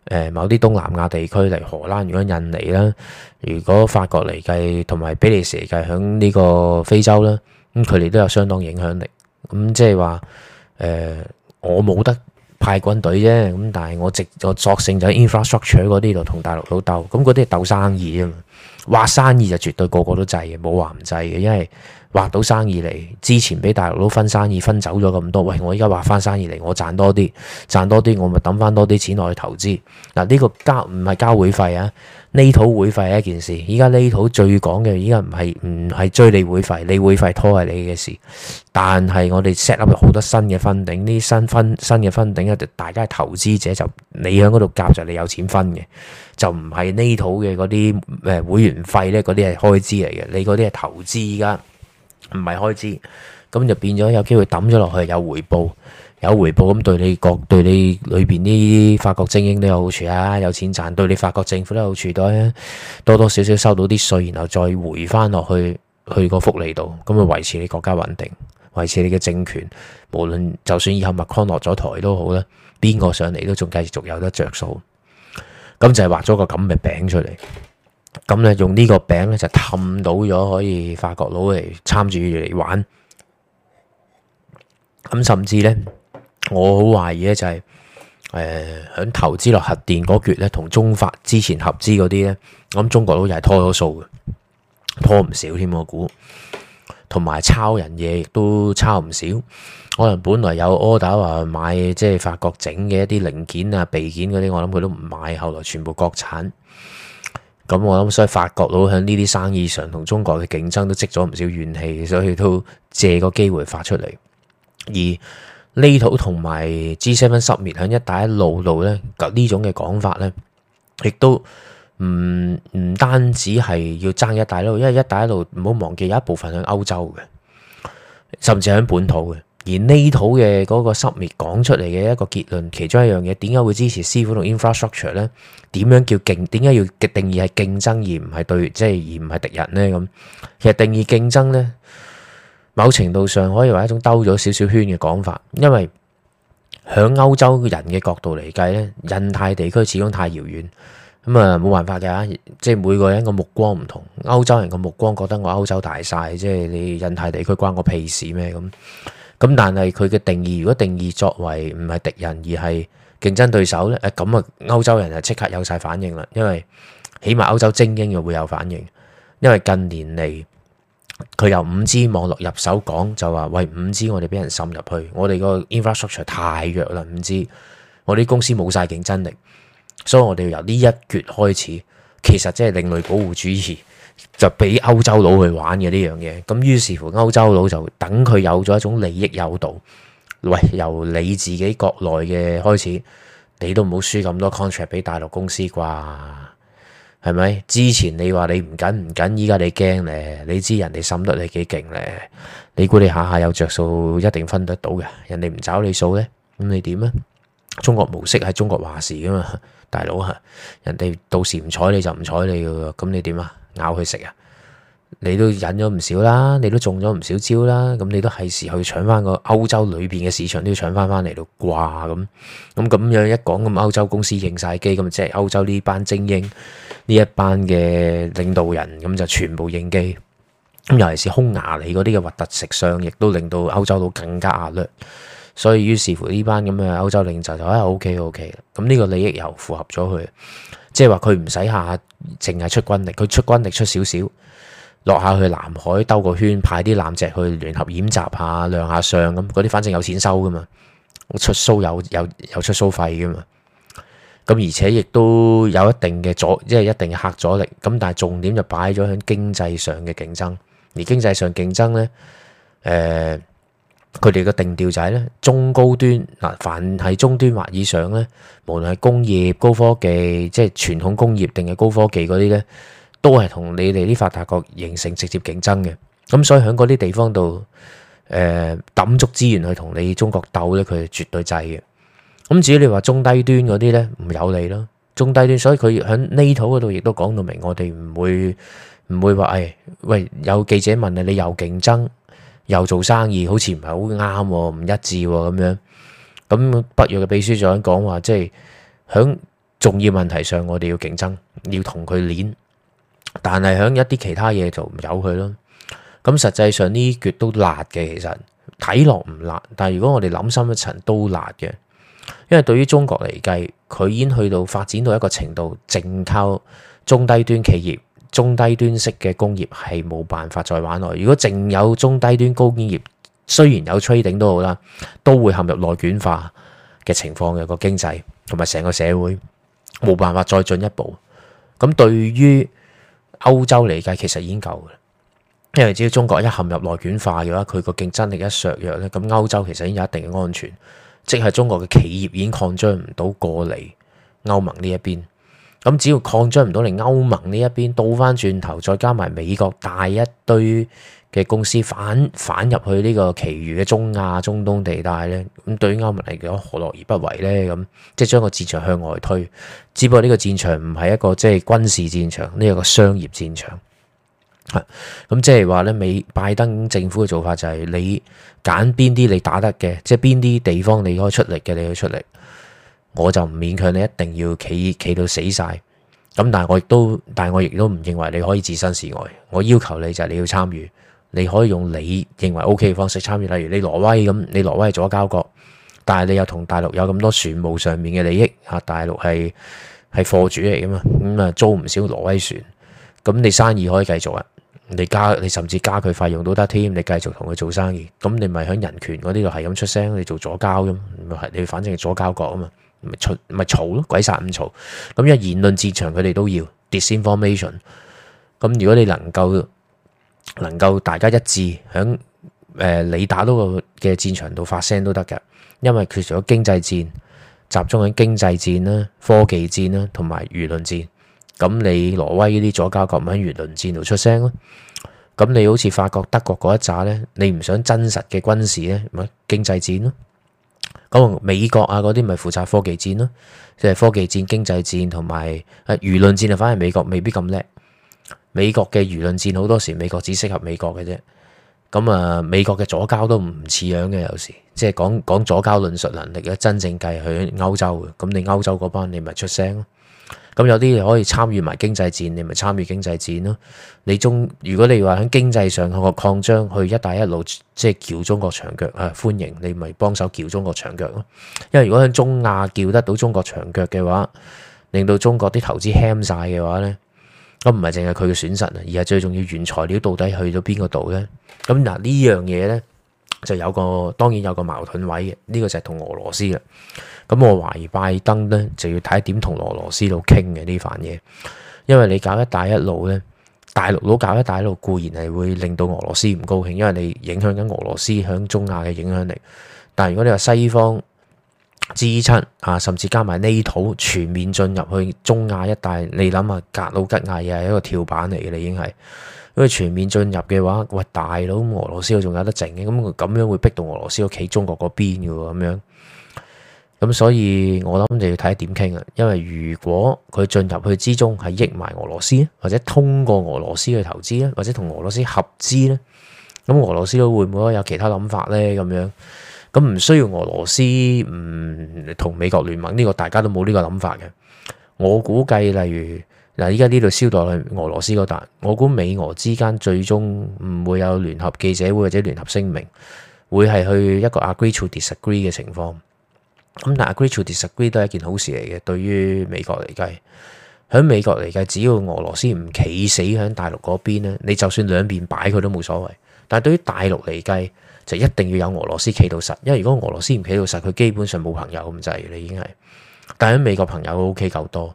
呃、某啲東南亞地區嚟，荷蘭如果印尼啦，如果法國嚟計同埋比利時嚟計，響呢個非洲啦，咁佢哋都有相當影響力。咁即係話誒，我冇得派軍隊啫，咁但係我直我索性就喺 infrastructure 嗰啲度同大陸佬鬥，咁嗰啲係鬥生意啊嘛，話生意就絕對個個都制嘅，冇話唔制嘅，因為畫到生意嚟，之前俾大陸都分生意分走咗咁多。喂，我依家畫翻生意嚟，我賺多啲，賺多啲，我咪抌翻多啲錢落去投資。嗱、啊、呢、呢個交唔係交會費啊，呢土會費係一件事。依家呢土最講嘅依家唔係唔係追你會費，你會費拖係你嘅事。但係我哋 set up 好多新嘅分頂，呢啲新分新嘅分頂大家係投資者就你喺嗰度夾就你有錢分嘅，就唔係呢土嘅嗰啲誒會員費咧，嗰啲係開支嚟嘅，你嗰啲係投資噶。唔係開支，咁就變咗有機會抌咗落去，有回報，有回報咁對你國、對你裏邊啲法國精英都有好處啊，有錢賺，對你法國政府都有好處多咧，多多少少收到啲稅，然後再回翻落去去個福利度，咁啊維持你國家穩定，維持你嘅政權，無論就算以後馬克龍落咗台都好啦，邊個上嚟都仲繼續有得着數，咁就係畫咗個咁嘅餅出嚟。咁咧用呢個餅咧就氹到咗，可以法國佬嚟參住嚟玩。咁、嗯、甚至咧，我好懷疑咧就係、是、誒，響、呃、投資落核電嗰橛咧，同中法之前合資嗰啲咧，我諗中國佬又係拖咗數嘅，拖唔少添我估。同埋抄人嘢亦都抄唔少，可能本來有 order 話買即係法國整嘅一啲零件啊、備件嗰啲，我諗佢都唔買，後來全部國產。咁我諗，所以法國佬喺呢啲生意上同中國嘅競爭都積咗唔少怨氣，所以都借個機會發出嚟。而呢套同埋 G7 失滅喺一帶一路度呢，呢種嘅講法呢，亦都唔唔單止係要爭一帶一路，因為一帶一路唔好忘記有一部分喺歐洲嘅，甚至喺本土嘅。而呢套嘅嗰個 summit 講出嚟嘅一個結論，其中一樣嘢點解會支持師傅同 infrastructure 咧？點樣叫競？點解要定義係競爭而唔係對，即係而唔係敵人咧？咁其實定義競爭咧，某程度上可以話一種兜咗少少圈嘅講法，因為響歐洲人嘅角度嚟計咧，印太地區始終太遙遠，咁啊冇辦法㗎，即係每個人個目光唔同。歐洲人嘅目光覺得我歐洲大晒，即係你印太地區關我屁事咩咁？咁但係佢嘅定義，如果定義作為唔係敵人而係競爭對手咧，誒咁啊，歐洲人啊即刻有晒反應啦，因為起碼歐洲精英又會有反應，因為近年嚟佢由五 G 網絡入手講就話喂，五 G 我哋俾人滲入去，我哋個 infrastructure 太弱啦，五 G 我哋公司冇晒競爭力，所以我哋由呢一橛開始，其實即係另類保護主義。就俾歐洲佬去玩嘅呢樣嘢，咁於是乎歐洲佬就等佢有咗一種利益誘導，喂，由你自己國內嘅開始，你都唔好輸咁多 contract 俾大陸公司啩，係咪？之前你話你唔緊唔緊，依家你驚咧，你知人哋審得你幾勁咧，你估你下下有着數一定分得到嘅，人哋唔找你數咧，咁你點啊？中國模式係中國話事噶嘛，大佬嚇，人哋到時唔睬你就唔睬你噶喎，咁你點啊？咬佢食啊！你都忍咗唔少啦，你都中咗唔少招啦，咁你都係時候要搶翻個歐洲裏邊嘅市場都要搶翻翻嚟度掛咁，咁咁樣，樣一講，咁歐洲公司應晒機，咁即係歐洲呢班精英呢一班嘅領導人，咁就全部應機。咁尤其是匈牙利嗰啲嘅核突食相，亦都令到歐洲佬更加壓力。所以於是乎呢班咁嘅歐洲領袖就啊 O K O K，咁呢個利益又符合咗佢。即係話佢唔使，下，淨係出軍力，佢出軍力出少少，落下去南海兜個圈，派啲艦隻去聯合演習下，量下相咁，嗰啲反正有錢收噶嘛，出 show 有有，有出 show 費噶嘛，咁而且亦都有一定嘅阻，即係一定嘅吓阻力，咁但係重點就擺咗喺經濟上嘅競爭，而經濟上競爭咧，誒、呃。佢哋嘅定調就係咧，中高端嗱，凡係中端或以上咧，無論係工業、高科技，即係傳統工業定係高科技嗰啲咧，都係同你哋啲發達國形成直接競爭嘅。咁所以喺嗰啲地方度，誒抌足資源去同你中國鬥咧，佢係絕對制嘅。咁至於你話中低端嗰啲咧，唔有利咯。中低端，所以佢喺呢度嗰度亦都講到明我，我哋唔會唔會話，誒、哎，喂，有記者問你，你有競爭？又做生意，好似唔係好啱，唔一致咁樣。咁北約嘅秘書長講話，即係喺重要問題上，我哋要競爭，要同佢攣。但係喺一啲其他嘢就唔由佢咯。咁實際上呢一撅都辣嘅，其實睇落唔辣，但係如果我哋諗深一層都辣嘅，因為對於中國嚟計，佢已經去到發展到一個程度，淨靠中低端企業。中低端式嘅工業係冇辦法再玩落去。如果淨有中低端工業，雖然有 trading 都好啦，都會陷入內卷化嘅情況，嘅個經濟同埋成個社會冇辦法再進一步。咁對於歐洲嚟計，其實已經夠喇，因為只要中國一陷入內卷化嘅話，佢個競爭力一削弱咧，咁歐洲其實已經有一定嘅安全，即係中國嘅企業已經擴張唔到過嚟歐盟呢一邊。咁只要擴張唔到嚟歐盟呢一邊，倒翻轉頭再加埋美國大一堆嘅公司反反入去呢個其餘嘅中亞、中東地帶咧，咁對於歐盟嚟講何樂而不為咧？咁即係將個戰場向外推，只不過呢個戰場唔係一個即係軍事戰場，呢個商業戰場嚇。咁即係話咧，美拜登政府嘅做法就係你揀邊啲你打得嘅，即係邊啲地方你可以出力嘅，你去出力。我就唔勉強你一定要企企到死晒。咁但係我亦都，但係我亦都唔認為你可以置身事外。我要求你就係你要參與，你可以用你認為 O.K. 嘅方式參與。例如你挪威咁，你挪威係左交國，但係你又同大陸有咁多船務上面嘅利益嚇，大陸係係貨主嚟噶嘛，咁、嗯、啊租唔少挪威船，咁你生意可以繼續啊，你加你甚至加佢費用都得添，你繼續同佢做生意，咁你咪喺人權嗰啲度係咁出聲，你做左交咁，你反正係左交國啊嘛。咪嘈咪嘈咯，鬼殺唔嘈。咁因為言論戰場佢哋都要 disinformation。咁 Dis information 如果你能夠能夠大家一致響誒、呃、你打到個嘅戰場度發聲都得嘅，因為佢除咗經濟戰，集中喺經濟戰啦、科技戰啦，同埋輿論戰。咁你挪威呢啲左膠國咪喺輿論戰度出聲咯？咁你好似法國、德國嗰一紮咧，你唔想真實嘅軍事咧咪、就是、經濟戰咯？咁美國啊，嗰啲咪負責科技戰咯，即係科技戰、經濟戰同埋誒輿論戰，反而美國未必咁叻。美國嘅輿論戰好多時，美國只適合美國嘅啫。咁啊，美國嘅左膠都唔似樣嘅有時，即係講講左膠論述能力咧，真正計係喺歐洲嘅。咁你歐洲嗰班，你咪出聲咯。咁有啲你可以參與埋經濟戰，你咪參與經濟戰咯。你中如果你話喺經濟上向個擴張，去一帶一路即係撬中國長腳啊，歡迎你咪幫手撬中國長腳咯。因為如果喺中亞撬得到中國長腳嘅話，令到中國啲投資慘晒嘅話咧，咁唔係淨係佢嘅損失啊，而係最重要原材料到底去咗邊個度咧？咁嗱呢樣嘢咧。就有個當然有個矛盾位嘅，呢、呢個就係同俄羅斯啦。咁我懷疑拜登呢就要睇點同俄羅斯度傾嘅呢番嘢，因為你搞一帶一路呢，大陸佬搞一帶一路固然係會令到俄羅斯唔高興，因為你影響緊俄羅斯響中亞嘅影響力。但係如果你話西方支出，啊，甚至加埋呢土全面進入去中亞一帶，你諗下格魯吉亞又係一個跳板嚟嘅，你已經係。因為全面進入嘅話，喂大佬，俄羅斯佢仲有得剩嘅？咁咁樣會逼到俄羅斯去企中國嗰邊嘅喎，咁樣。咁所以我諗就要睇下點傾啊。因為如果佢進入去之中係益埋俄羅斯，或者通過俄羅斯去投資咧，或者同俄羅斯合資咧，咁俄羅斯會唔會有其他諗法咧？咁樣咁唔需要俄羅斯唔同美國聯盟呢個，大家都冇呢個諗法嘅。我估計例如。嗱，依家呢度燒到俄羅斯嗰笪，我估美俄之間最終唔會有聯合記者會或者聯合聲明，會係去一個 agree to disagree 嘅情況。咁但係 agree to disagree 都係一件好事嚟嘅，對於美國嚟計，喺美國嚟計，只要俄羅斯唔企死喺大陸嗰邊咧，你就算兩邊擺佢都冇所謂。但係對於大陸嚟計，就一定要有俄羅斯企到實，因為如果俄羅斯唔企到實，佢基本上冇朋友咁滯，你已經係。但喺美國朋友 O K 夠多。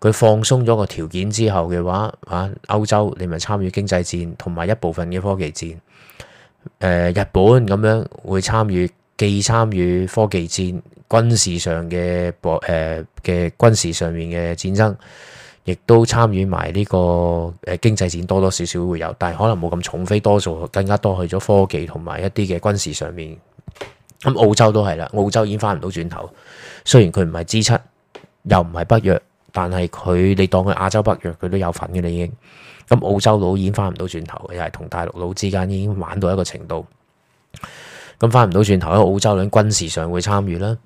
佢放鬆咗個條件之後嘅話，啊，歐洲你咪參與經濟戰同埋一部分嘅科技戰。誒、呃，日本咁樣會參與既，參與科技戰軍事上嘅博嘅軍事上面嘅戰爭，亦都參與埋呢個誒經濟戰，多多少少會有，但係可能冇咁重，非多數更加多去咗科技同埋一啲嘅軍事上面。咁、嗯、澳洲都係啦，澳洲已經翻唔到轉頭，雖然佢唔係 G7，又唔係北約。但係佢，你當佢亞洲北約，佢都有份嘅，你已經咁，澳洲佬已經翻唔到轉頭，又係同大陸佬之間已經玩到一個程度。咁翻唔到轉頭，喺澳洲佬軍事上會參與啦，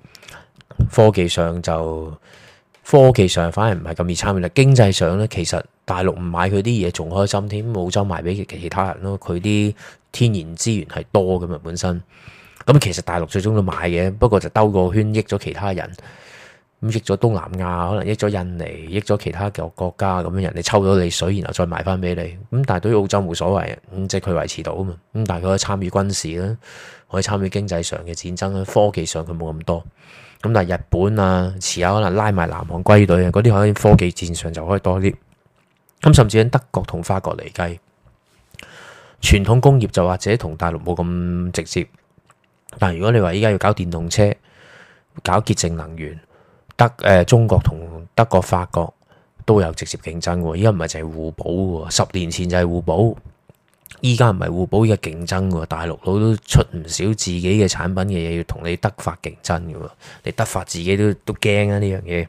科技上就科技上反而唔係咁易參與啦。經濟上咧，其實大陸唔買佢啲嘢仲開心添，澳洲賣俾其他人咯。佢啲天然資源係多噶嘛，本身咁其實大陸最終都買嘅，不過就兜個圈益咗其他人。咁益咗東南亞，可能益咗印尼，益咗其他嘅國家咁樣，人哋抽咗你水，然後再賣翻俾你。咁但係對於澳洲冇所謂，咁即係佢維持到啊嘛。咁但係佢可以參與軍事啦，可以參與經濟上嘅戰爭啦。科技上佢冇咁多。咁但係日本啊，遲下可能拉埋南韓歸隊啊，嗰啲可以科技戰上就可以多啲。咁甚至喺德國同法國嚟計，傳統工業就或者同大陸冇咁直接。但係如果你話依家要搞電動車，搞潔淨能源。德誒、呃，中國同德國、法國都有直接競爭喎。依家唔係淨係互補喎，十年前就係互補，依家唔係互補，依家競爭喎。大陸佬都出唔少自己嘅產品嘅嘢，要同你德法競爭嘅喎。你德法自己都都驚啊呢樣嘢。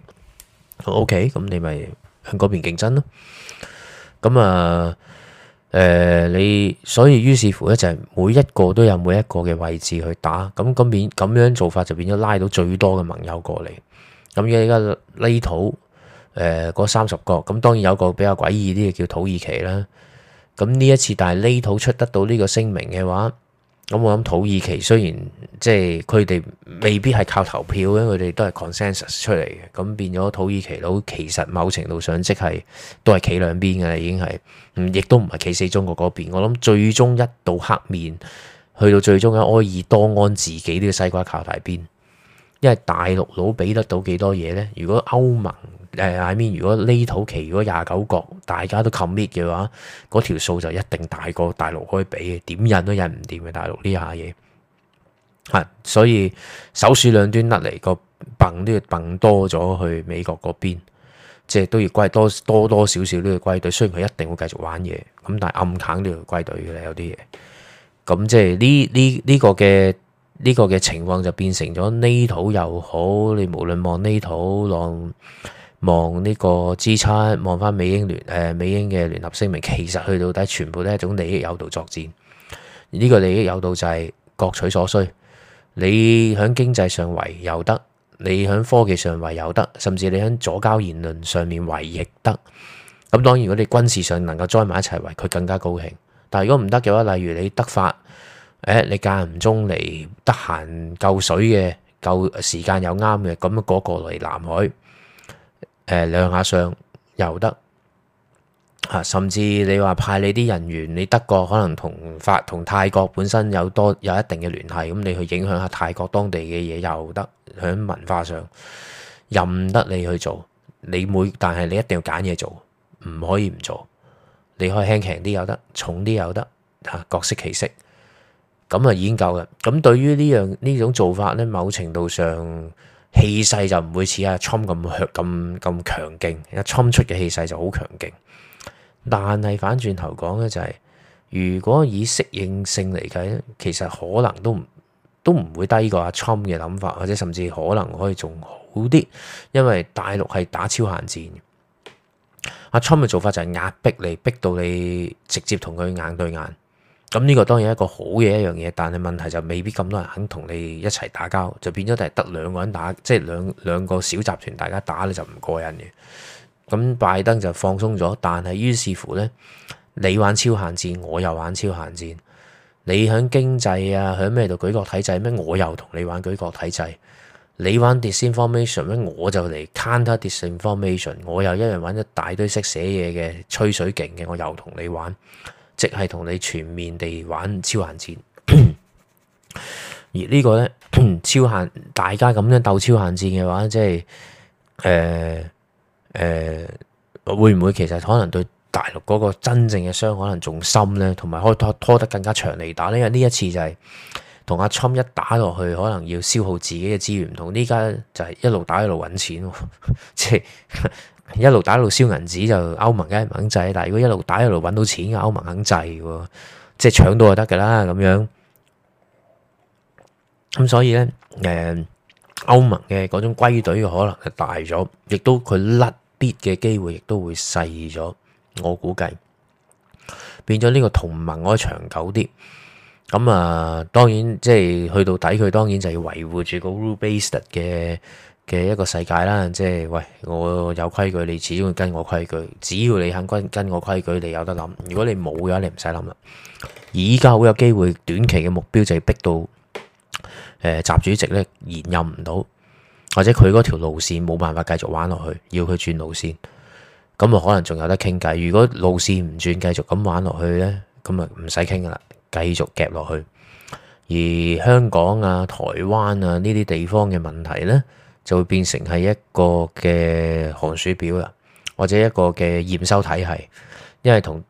OK，咁你咪向嗰邊競爭咯。咁啊誒，你所以於是乎咧就係每一個都有每一個嘅位置去打，咁咁變咁樣做法就變咗拉到最多嘅盟友過嚟。咁而家呢土，誒嗰三十國，咁當然有個比較詭異啲嘅叫土耳其啦。咁呢一次，但係呢土出得到呢個聲明嘅話，咁我諗土耳其雖然即係佢哋未必係靠投票，因為佢哋都係 consensus 出嚟嘅，咁變咗土耳其佬其實某程度上即係都係企兩邊㗎喇，已經係，亦都唔係企死中國嗰邊。我諗最終一度黑面，去到最終阿埃爾多安自己呢個西瓜靠大邊。因為大陸佬俾得到幾多嘢咧？如果歐盟誒，I mean，如果呢土耳其如果廿九國大家都 commit 嘅話，嗰條數就一定大過大陸可以俾嘅，點印都印唔掂嘅大陸呢下嘢嚇、嗯。所以首鼠兩端甩嚟個掹都要掹多咗去美國嗰邊，即係都要歸多多多少少都要歸隊。雖然佢一定會繼續玩嘢，咁但係暗掹都要歸隊嘅有啲嘢。咁、嗯、即係呢呢呢個嘅。呢個嘅情況就變成咗，呢土又好，你無論望呢土，望望呢個支撐，望翻美英聯，誒、呃、美英嘅聯合聲明，其實去到底全部都係一種利益誘導作戰。呢個利益誘導就係各取所需。你喺經濟上為有得，你喺科技上為有得，甚至你喺左交言論上面為亦得。咁當然，如果你軍事上能夠栽埋一齊為佢更加高興。但係如果唔得嘅話，例如你德法。欸，你間唔中嚟得閒夠水嘅，夠時間又啱嘅，咁嗰個嚟南海，兩下上，又得。甚至你話派你啲人員，你德國可能同法同泰國本身有多，有一定嘅聯繫，咁你去影響下泰國當地嘅嘢又得，喺文化上，任得你去做，你每，但係你一定要揀嘢做，唔可以唔做。你可以輕輕啲又得，重啲又得，各適其適。咁啊，就已經夠啦。咁對於呢樣呢種做法呢，某程度上氣勢就唔會似阿 Trump 咁強、咁咁強勁。阿、啊、Trump 出嘅氣勢就好強勁，但係反轉頭講呢，就係如果以適應性嚟計，其實可能都都唔會低過阿 Trump 嘅諗法，或者甚至可能可以仲好啲，因為大陸係打超限戰。阿 Trump 嘅做法就係壓迫你，逼到你直接同佢硬對眼。咁呢個當然係一個好嘢一樣嘢，但係問題就未必咁多人肯同你一齊打交，就變咗就係得兩個人打，即係兩兩個小集團大家打你就唔過癮嘅。咁拜登就放鬆咗，但係於是乎呢，你玩超限戰，我又玩超限戰。你喺經濟啊，喺咩度舉國體制咩，我又同你玩舉國體制。你玩 disinformation 咩，我就嚟 counter disinformation。我又一樣玩一大堆識寫嘢嘅吹水勁嘅，我又同你玩。即係同你全面地玩超限戰， 而呢個呢，超限，大家咁樣鬥超限戰嘅話，即係誒誒，會唔會其實可能對大陸嗰個真正嘅傷可能仲深呢？同埋可以拖拖拖得更加長嚟打呢？因為呢一次就係同阿侵一打落去，可能要消耗自己嘅資源唔同。呢家就係一路打一路揾錢， 即係。一路打一路燒銀紙，就歐盟梗係唔肯制。但係如果一路打一路揾到錢嘅，歐盟肯制，即係搶到就得噶啦咁樣。咁、嗯、所以咧，誒、嗯，歐盟嘅嗰種歸隊嘅可能係大咗，亦都佢甩啲嘅機會亦都會細咗。我估計變咗呢個同盟可以長久啲。咁、嗯、啊，當然即係去到底佢，當然就要維護住個 rule-based 嘅。嘅一個世界啦，即係喂，我有規矩，你始終會跟我規矩。只要你肯跟跟我規矩，你有得諗；如果你冇嘅話，你唔使諗啦。而依家好有機會短期嘅目標就係逼到誒、呃、習主席咧延任唔到，或者佢嗰條路線冇辦法繼續玩落去，要佢轉路線，咁啊可能仲有得傾偈。如果路線唔轉，繼續咁玩落去咧，咁啊唔使傾啦，繼續夾落去。而香港啊、台灣啊呢啲地方嘅問題咧。就會變成係一個嘅寒暑表啦，或者一個嘅驗收體系，因為同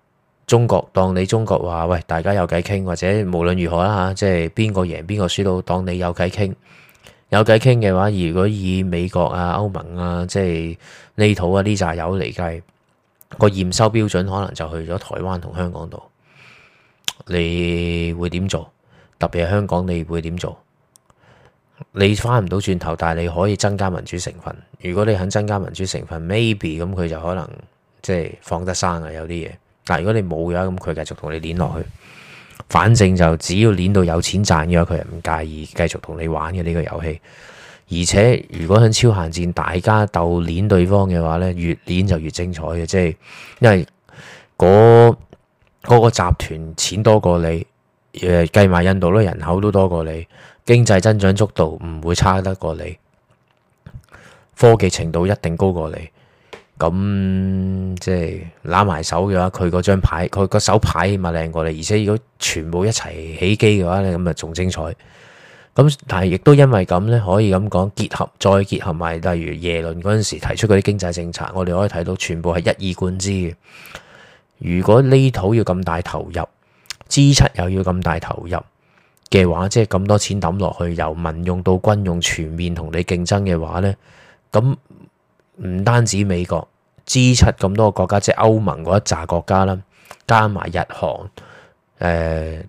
中國，當你中國話喂，大家有偈傾，或者無論如何啦吓，即係邊個贏邊個輸都當你有偈傾，有偈傾嘅話，如果以美國啊、歐盟啊、即係呢套啊呢扎友嚟計，個驗收標準可能就去咗台灣同香港度，你會點做？特別係香港你會點做？你翻唔到轉頭，但係你可以增加民主成分。如果你肯增加民主成分，maybe 咁佢就可能即係放得生啊，有啲嘢。但係如果你冇嘅話，咁佢繼續同你鏈落去。反正就只要鏈到有錢賺嘅話，佢唔介意繼續同你玩嘅呢個遊戲。而且如果喺超限戰，大家鬥鏈對方嘅話呢，越鏈就越精彩嘅，即係因為嗰嗰個集團錢多過你，誒計埋印度都人口都多過你。經濟增長速度唔會差得過你，科技程度一定高過你。咁即係攬埋手嘅話，佢嗰張牌，佢個手牌起碼靚過你。而且如果全部一齊起，起機嘅話咧，咁啊仲精彩。咁但係亦都因為咁咧，可以咁講結合再結合埋，例如耶倫嗰陣時提出嗰啲經濟政策，我哋可以睇到全部係一以貫之嘅。如果呢套要咁大投入，支出又要咁大投入。嘅話，即係咁多錢抌落去，由民用到軍用全面同你競爭嘅話，咧，咁唔單止美國，G7 咁多個國家，即係歐盟嗰一扎國家啦，加埋日韓誒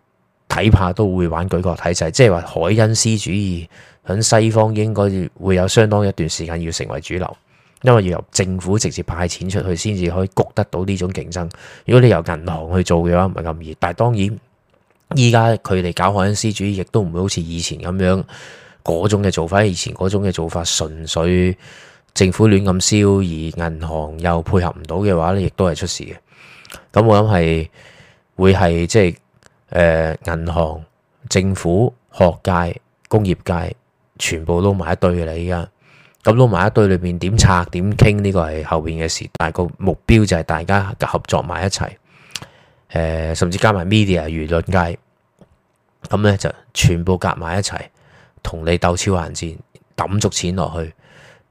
睇怕都會玩舉國體制，即係話凱恩斯主義響西方應該會有相當一段時間要成為主流，因為要由政府直接派錢出去先至可以谷得到呢種競爭，如果你由銀行去做嘅話，唔係咁易，但係當然。依家佢哋搞凱恩斯主義，亦都唔會好似以前咁樣嗰種嘅做法。以前嗰種嘅做法，純粹政府亂咁燒，而銀行又配合唔到嘅話咧，亦都係出事嘅。咁我諗係會係即係誒、呃、銀行、政府、學界、工業界全部撈埋一堆啦。依家咁撈埋一堆裏邊點拆點傾？呢個係後邊嘅事。但係個目標就係大家合作埋一齊。誒、呃，甚至加埋 media 輿論界。咁咧就全部夾埋一齊，同你鬥超限戰，抌足錢落去，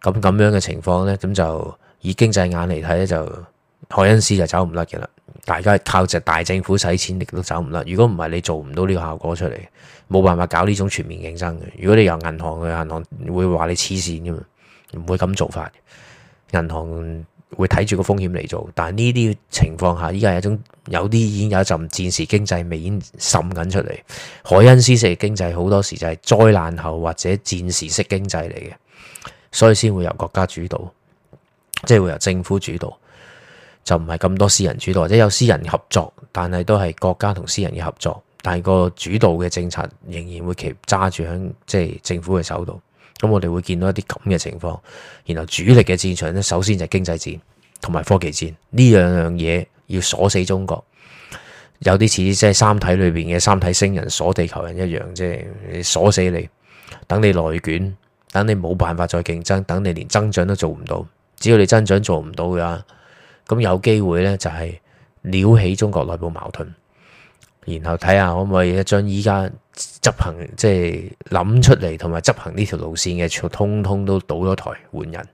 咁咁樣嘅情況呢，咁就以經濟眼嚟睇咧，就海恩斯就走唔甩嘅啦。大家靠隻大政府使錢亦都走唔甩。如果唔係你做唔到呢個效果出嚟，冇辦法搞呢種全面競爭嘅。如果你由銀行去銀行會，會話你黐線㗎嘛，唔會咁做法。銀行。會睇住個風險嚟做，但係呢啲情況下，依家係一種有啲已經有一陣戰時經濟，未已滲緊出嚟。海恩斯式經濟好多時就係災難後或者戰時式經濟嚟嘅，所以先會由國家主導，即係會由政府主導，就唔係咁多私人主導，或者有私人合作，但係都係國家同私人嘅合作，但係個主導嘅政策仍然會企揸住喺即係政府嘅手度。咁我哋會見到一啲咁嘅情況，然後主力嘅戰場咧，首先就係經濟戰同埋科技戰呢兩樣嘢要鎖死中國，有啲似即係三體裏邊嘅三體星人鎖地球人一樣，即係鎖死你，等你內卷，等你冇辦法再競爭，等你連增長都做唔到，只要你增長做唔到嘅話，咁有機會咧就係撩起中國內部矛盾，然後睇下可唔可以將依家。執行，即係諗出嚟同埋執行呢條路線嘅，全通通都倒咗台換人。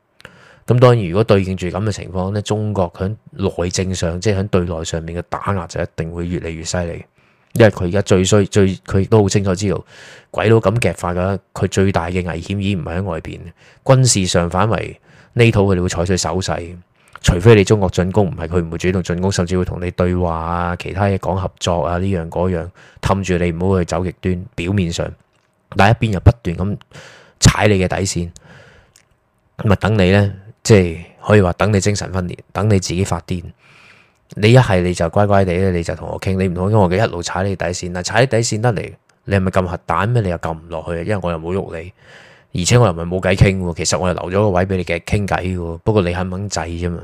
咁當然，如果對應住咁嘅情況咧，中國響內政上，即係響對內上面嘅打壓就一定會越嚟越犀利。因為佢而家最需最，佢亦都好清楚知道，鬼佬咁夾法噶。佢最大嘅危險已經唔係喺外邊，軍事上反為呢套佢哋會採取守勢。除非你中國進攻唔係，佢唔會主動進攻，甚至會同你對話啊，其他嘢講合作啊呢樣嗰樣，氹住你唔好去走極端。表面上，但一邊又不斷咁踩你嘅底線，咁啊等你呢？即係可以話等你精神分裂，等你自己發癲。你一係你就乖乖地咧，你就同我傾，你唔同我傾因為我嘅一路踩你底線，但踩底線得嚟，你係咪撳核彈咩？你又撳唔落去，因為我又冇喐你。而且我又唔係冇計傾，其實我又留咗個位俾你嘅傾計嘅，不過你肯掹仔啫嘛。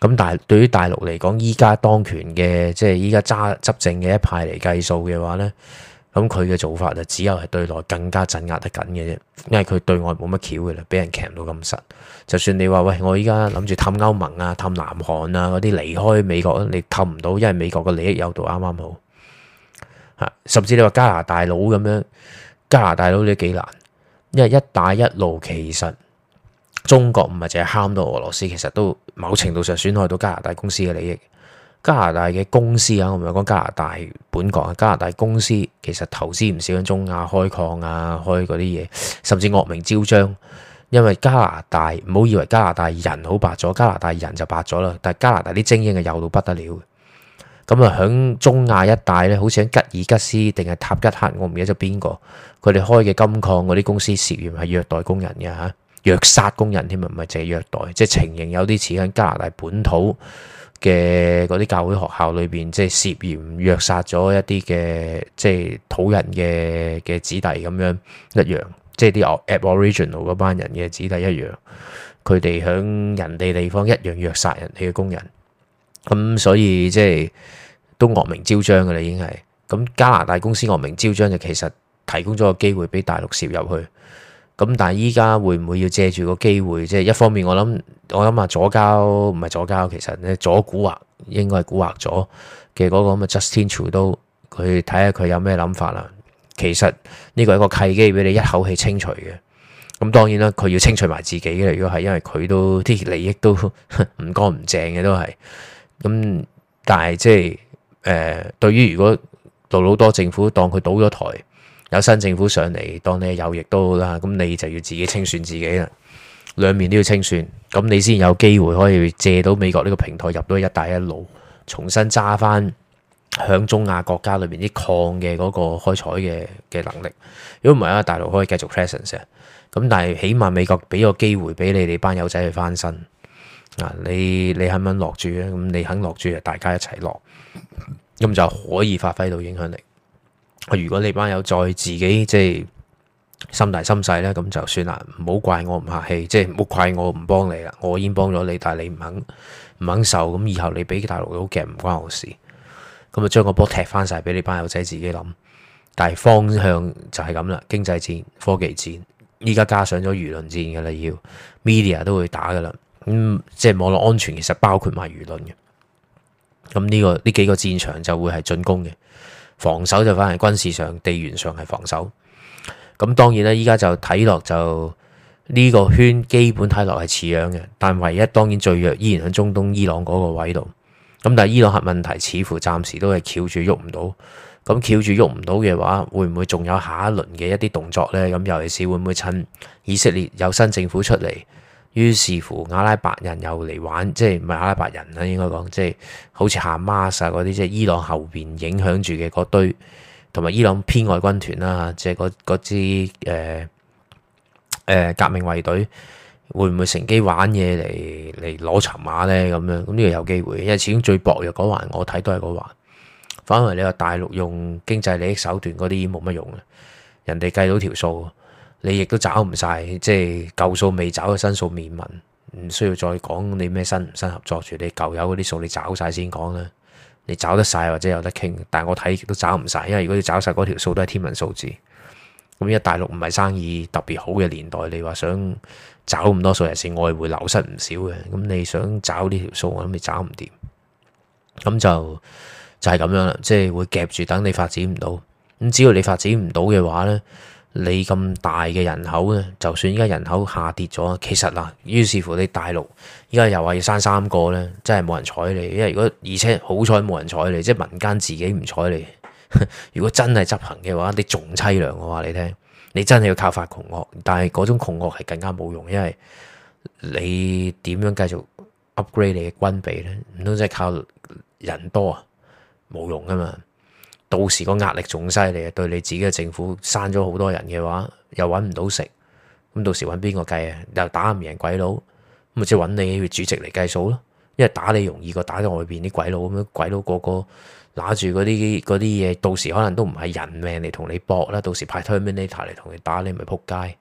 咁但係對於大陸嚟講，依家當權嘅即係依家揸執政嘅一派嚟計數嘅話咧，咁佢嘅做法就只有係對內更加鎮壓得緊嘅啫，因為佢對外冇乜橋嘅啦，俾人鉗到咁實。就算你話喂，我依家諗住探歐盟啊、探南韓啊嗰啲離開美國，你氹唔到，因為美國嘅利益有度啱啱好。甚至你話加拿大佬咁樣，加拿大佬都幾難。因為一帶一路其實中國唔係淨係坑到俄羅斯，其實都某程度上損害到加拿大公司嘅利益。加拿大嘅公司啊，我唔係講加拿大本國啊，加拿大公司其實投資唔少喺中亞開礦啊，開嗰啲嘢，甚至惡名昭彰。因為加拿大唔好以為加拿大人好白咗，加拿大人就白咗啦，但係加拿大啲精英係油到不得了。咁啊，響中亞一帶咧，好似喺吉爾吉斯定係塔吉克，我唔記得咗邊個，佢哋開嘅金礦嗰啲公司涉嫌係虐待工人嘅嚇，虐殺工人添啊，唔係淨係虐待，即係情形有啲似喺加拿大本土嘅嗰啲教會學校裏邊，即係涉嫌虐殺咗一啲嘅即係土人嘅嘅子弟咁樣一樣，即係啲原 Aboriginal 嗰班人嘅子弟一樣，佢哋喺人哋地方一樣虐殺人哋嘅工人。咁、嗯、所以即係都惡名昭彰噶啦，已經係咁。加拿大公司惡名昭彰就其實提供咗個機會俾大陸涉入去。咁但係依家會唔會要借住個機會？即係一方面我諗，我諗下左膠唔係左膠，其實咧左蠱惑，應該係蠱惑咗嘅嗰個咁嘅 Justin Trudeau。佢睇下佢有咩諗法啦。其實呢個係一個契機俾你一口氣清除嘅。咁、嗯、當然啦，佢要清除埋自己嘅。如果係因為佢都啲利益都唔乾唔淨嘅，都係。咁，但係即係誒、呃，對於如果杜魯多政府當佢倒咗台，有新政府上嚟，當你有益都好啦，咁、啊、你就要自己清算自己啦。兩面都要清算，咁你先有機會可以借到美國呢個平台入到一帶一路，重新揸翻響中亞國家裏面啲礦嘅嗰個開採嘅嘅能力。如果唔係，大陸可以繼續 presence 啊。咁，但係起碼美國俾個機會俾你哋班友仔去翻身。嗱、啊，你你肯唔肯落注咧？咁你肯落注，就大家一齊落，咁就可以發揮到影響力、啊。如果你班友再自己即係心大心細咧，咁就算啦，唔好怪我唔客氣，即係唔好怪我唔幫你啦。我已經幫咗你，但係你唔肯唔肯受，咁以後你俾大陸佬夾唔關我事。咁啊，將個波踢翻晒俾你班友仔自己諗。但係方向就係咁啦，經濟戰、科技戰，依家加上咗輿論戰嘅啦，你要 media 都會打嘅啦。咁即係網絡安全，其實包括埋輿論嘅。咁呢個呢幾個戰場就會係進攻嘅，防守就反而係軍事上、地緣上係防守。咁當然咧，依家就睇落就呢個圈基本睇落係似樣嘅，但唯一當然最弱依然喺中東伊朗嗰個位度。咁但係伊朗核問題似乎暫時都係翹住喐唔到。咁翹住喐唔到嘅話，會唔會仲有下一輪嘅一啲動作呢？咁尤其是會唔會趁以色列有新政府出嚟？於是乎，阿拉伯人又嚟玩，即係唔係阿拉伯人啦？應該講，即係好似哈馬斯啊嗰啲，即係伊朗後邊影響住嘅嗰堆，同埋伊朗編外軍團啦，即係嗰支誒誒、呃呃、革命衛隊，會唔會乘機玩嘢嚟嚟攞籌碼咧？咁樣，咁呢個有機會，因為始終最薄弱嗰環，我睇都係嗰環。反為你話大陸用經濟利益手段嗰啲冇乜用嘅，人哋計到條數。你亦都找唔晒，即係舊數未找嘅，新數免問，唔需要再講你咩新唔新合作住。你舊有嗰啲數你找晒先講啦，你找得晒，或者有得傾。但係我睇都找唔晒，因為如果你找晒嗰條數都係天文數字。咁而家大陸唔係生意特別好嘅年代，你話想找咁多數，又是外匯流失唔少嘅，咁你想找呢條數，我諗你找唔掂。咁就就係、是、咁樣啦，即係會夾住等你發展唔到。咁只要你發展唔到嘅話呢。.你咁大嘅人口咧，就算依家人口下跌咗，其實嗱，於是乎你大陸，依家又話要生三個咧，真係冇人睬你。因為如果而且好彩冇人睬你，即係民間自己唔睬你。如果真係執行嘅話，你仲淒涼。我話你聽，你真係要靠發窮惡，但係嗰種窮惡係更加冇用，因為你點樣繼續 upgrade 你嘅軍備咧？唔通真係靠人多啊？冇用㗎嘛！到時個壓力仲犀利啊！對你自己嘅政府刪咗好多人嘅話，又揾唔到食，咁到時揾邊個計啊？又打唔贏鬼佬，咁咪即係揾你主席嚟計數咯。因為打你，打你容易過打到外邊啲鬼佬，咁樣鬼佬個個拿住嗰啲啲嘢，到時可能都唔係人命嚟同你搏啦。到時派 Terminator 嚟同你打，你咪仆街。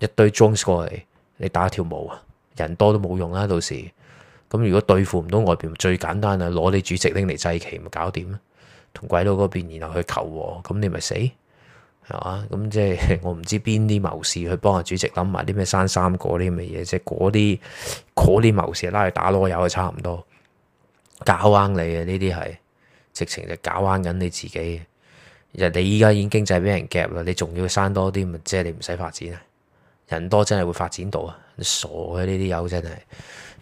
一堆 jones 過嚟，你打一條毛啊！人多都冇用啦。到時咁如果對付唔到外邊，最簡單啊，攞你主席拎嚟祭旗，咪搞掂啦。同鬼佬嗰邊，然後去求和，咁你咪死係嘛？咁即係我唔知邊啲謀士去幫阿主席諗埋啲咩生三個啲咁嘅嘢，即係嗰啲嗰啲謀士拉去打籮柚係差唔多，搞彎你嘅呢啲係，直情就搞彎緊你自己。人哋依家已經經濟俾人夾啦，你仲要生多啲咪即係你唔使發展啊？人多真係會發展到啊，你傻嘅呢啲友真係。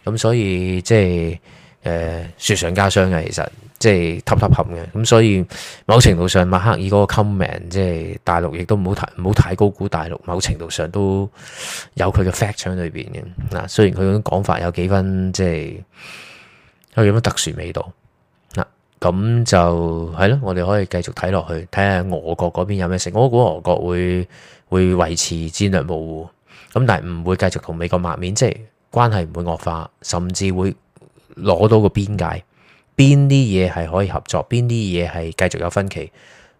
咁所以即係。誒、嗯，雪上加霜嘅，其實即係塌塌陷嘅。咁、嗯、所以，某程度上，默克爾嗰個 comment 即係大陸亦都唔好太唔好太高估大陸。某程度上都有佢嘅 fact 喺裏邊嘅嗱。雖然佢嗰種講法有幾分即係有幾分特殊味道嗱，咁、嗯、就係咯。我哋可以繼續睇落去，睇下俄國嗰邊有咩食。我估俄國會會維持戰略模糊，咁但係唔會繼續同美國抹面，即係關係唔會惡化，甚至會。攞到個邊界，邊啲嘢係可以合作，邊啲嘢係繼續有分歧，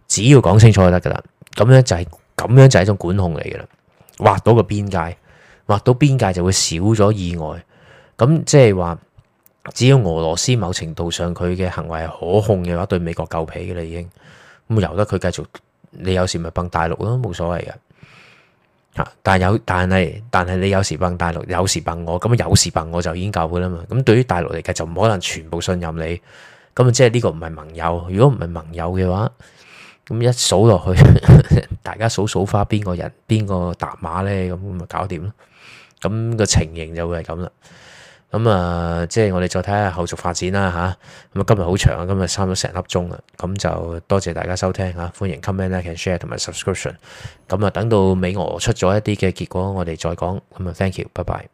只要講清楚就得噶啦。咁樣就係、是、咁樣就係一種管控嚟嘅啦，劃到個邊界，劃到邊界就會少咗意外。咁即係話，只要俄羅斯某程度上佢嘅行為係可控嘅話，對美國夠皮嘅啦已經。咁由得佢繼續，你有時咪蹦大陸咯，冇所謂嘅。但有，但係，但係你有時崩大陸，有時崩我，咁有時崩我就已經夠噶啦嘛。咁對於大陸嚟嘅，就唔可能全部信任你。咁即係呢個唔係盟友。如果唔係盟友嘅話，咁一數落去， 大家數數花邊個人，邊個搭馬咧，咁咪搞掂咯。咁、嗰個情形就會係咁啦。咁啊、嗯，即係我哋再睇下後續發展啦吓，咁、嗯、啊，今日好長啊，今日差唔多成粒鐘啊。咁、嗯、就多謝大家收聽嚇、啊，歡迎 comment 咧、can share 同埋 subscription。咁啊，等到美俄出咗一啲嘅結果我，我哋再講。咁啊，thank you，拜拜。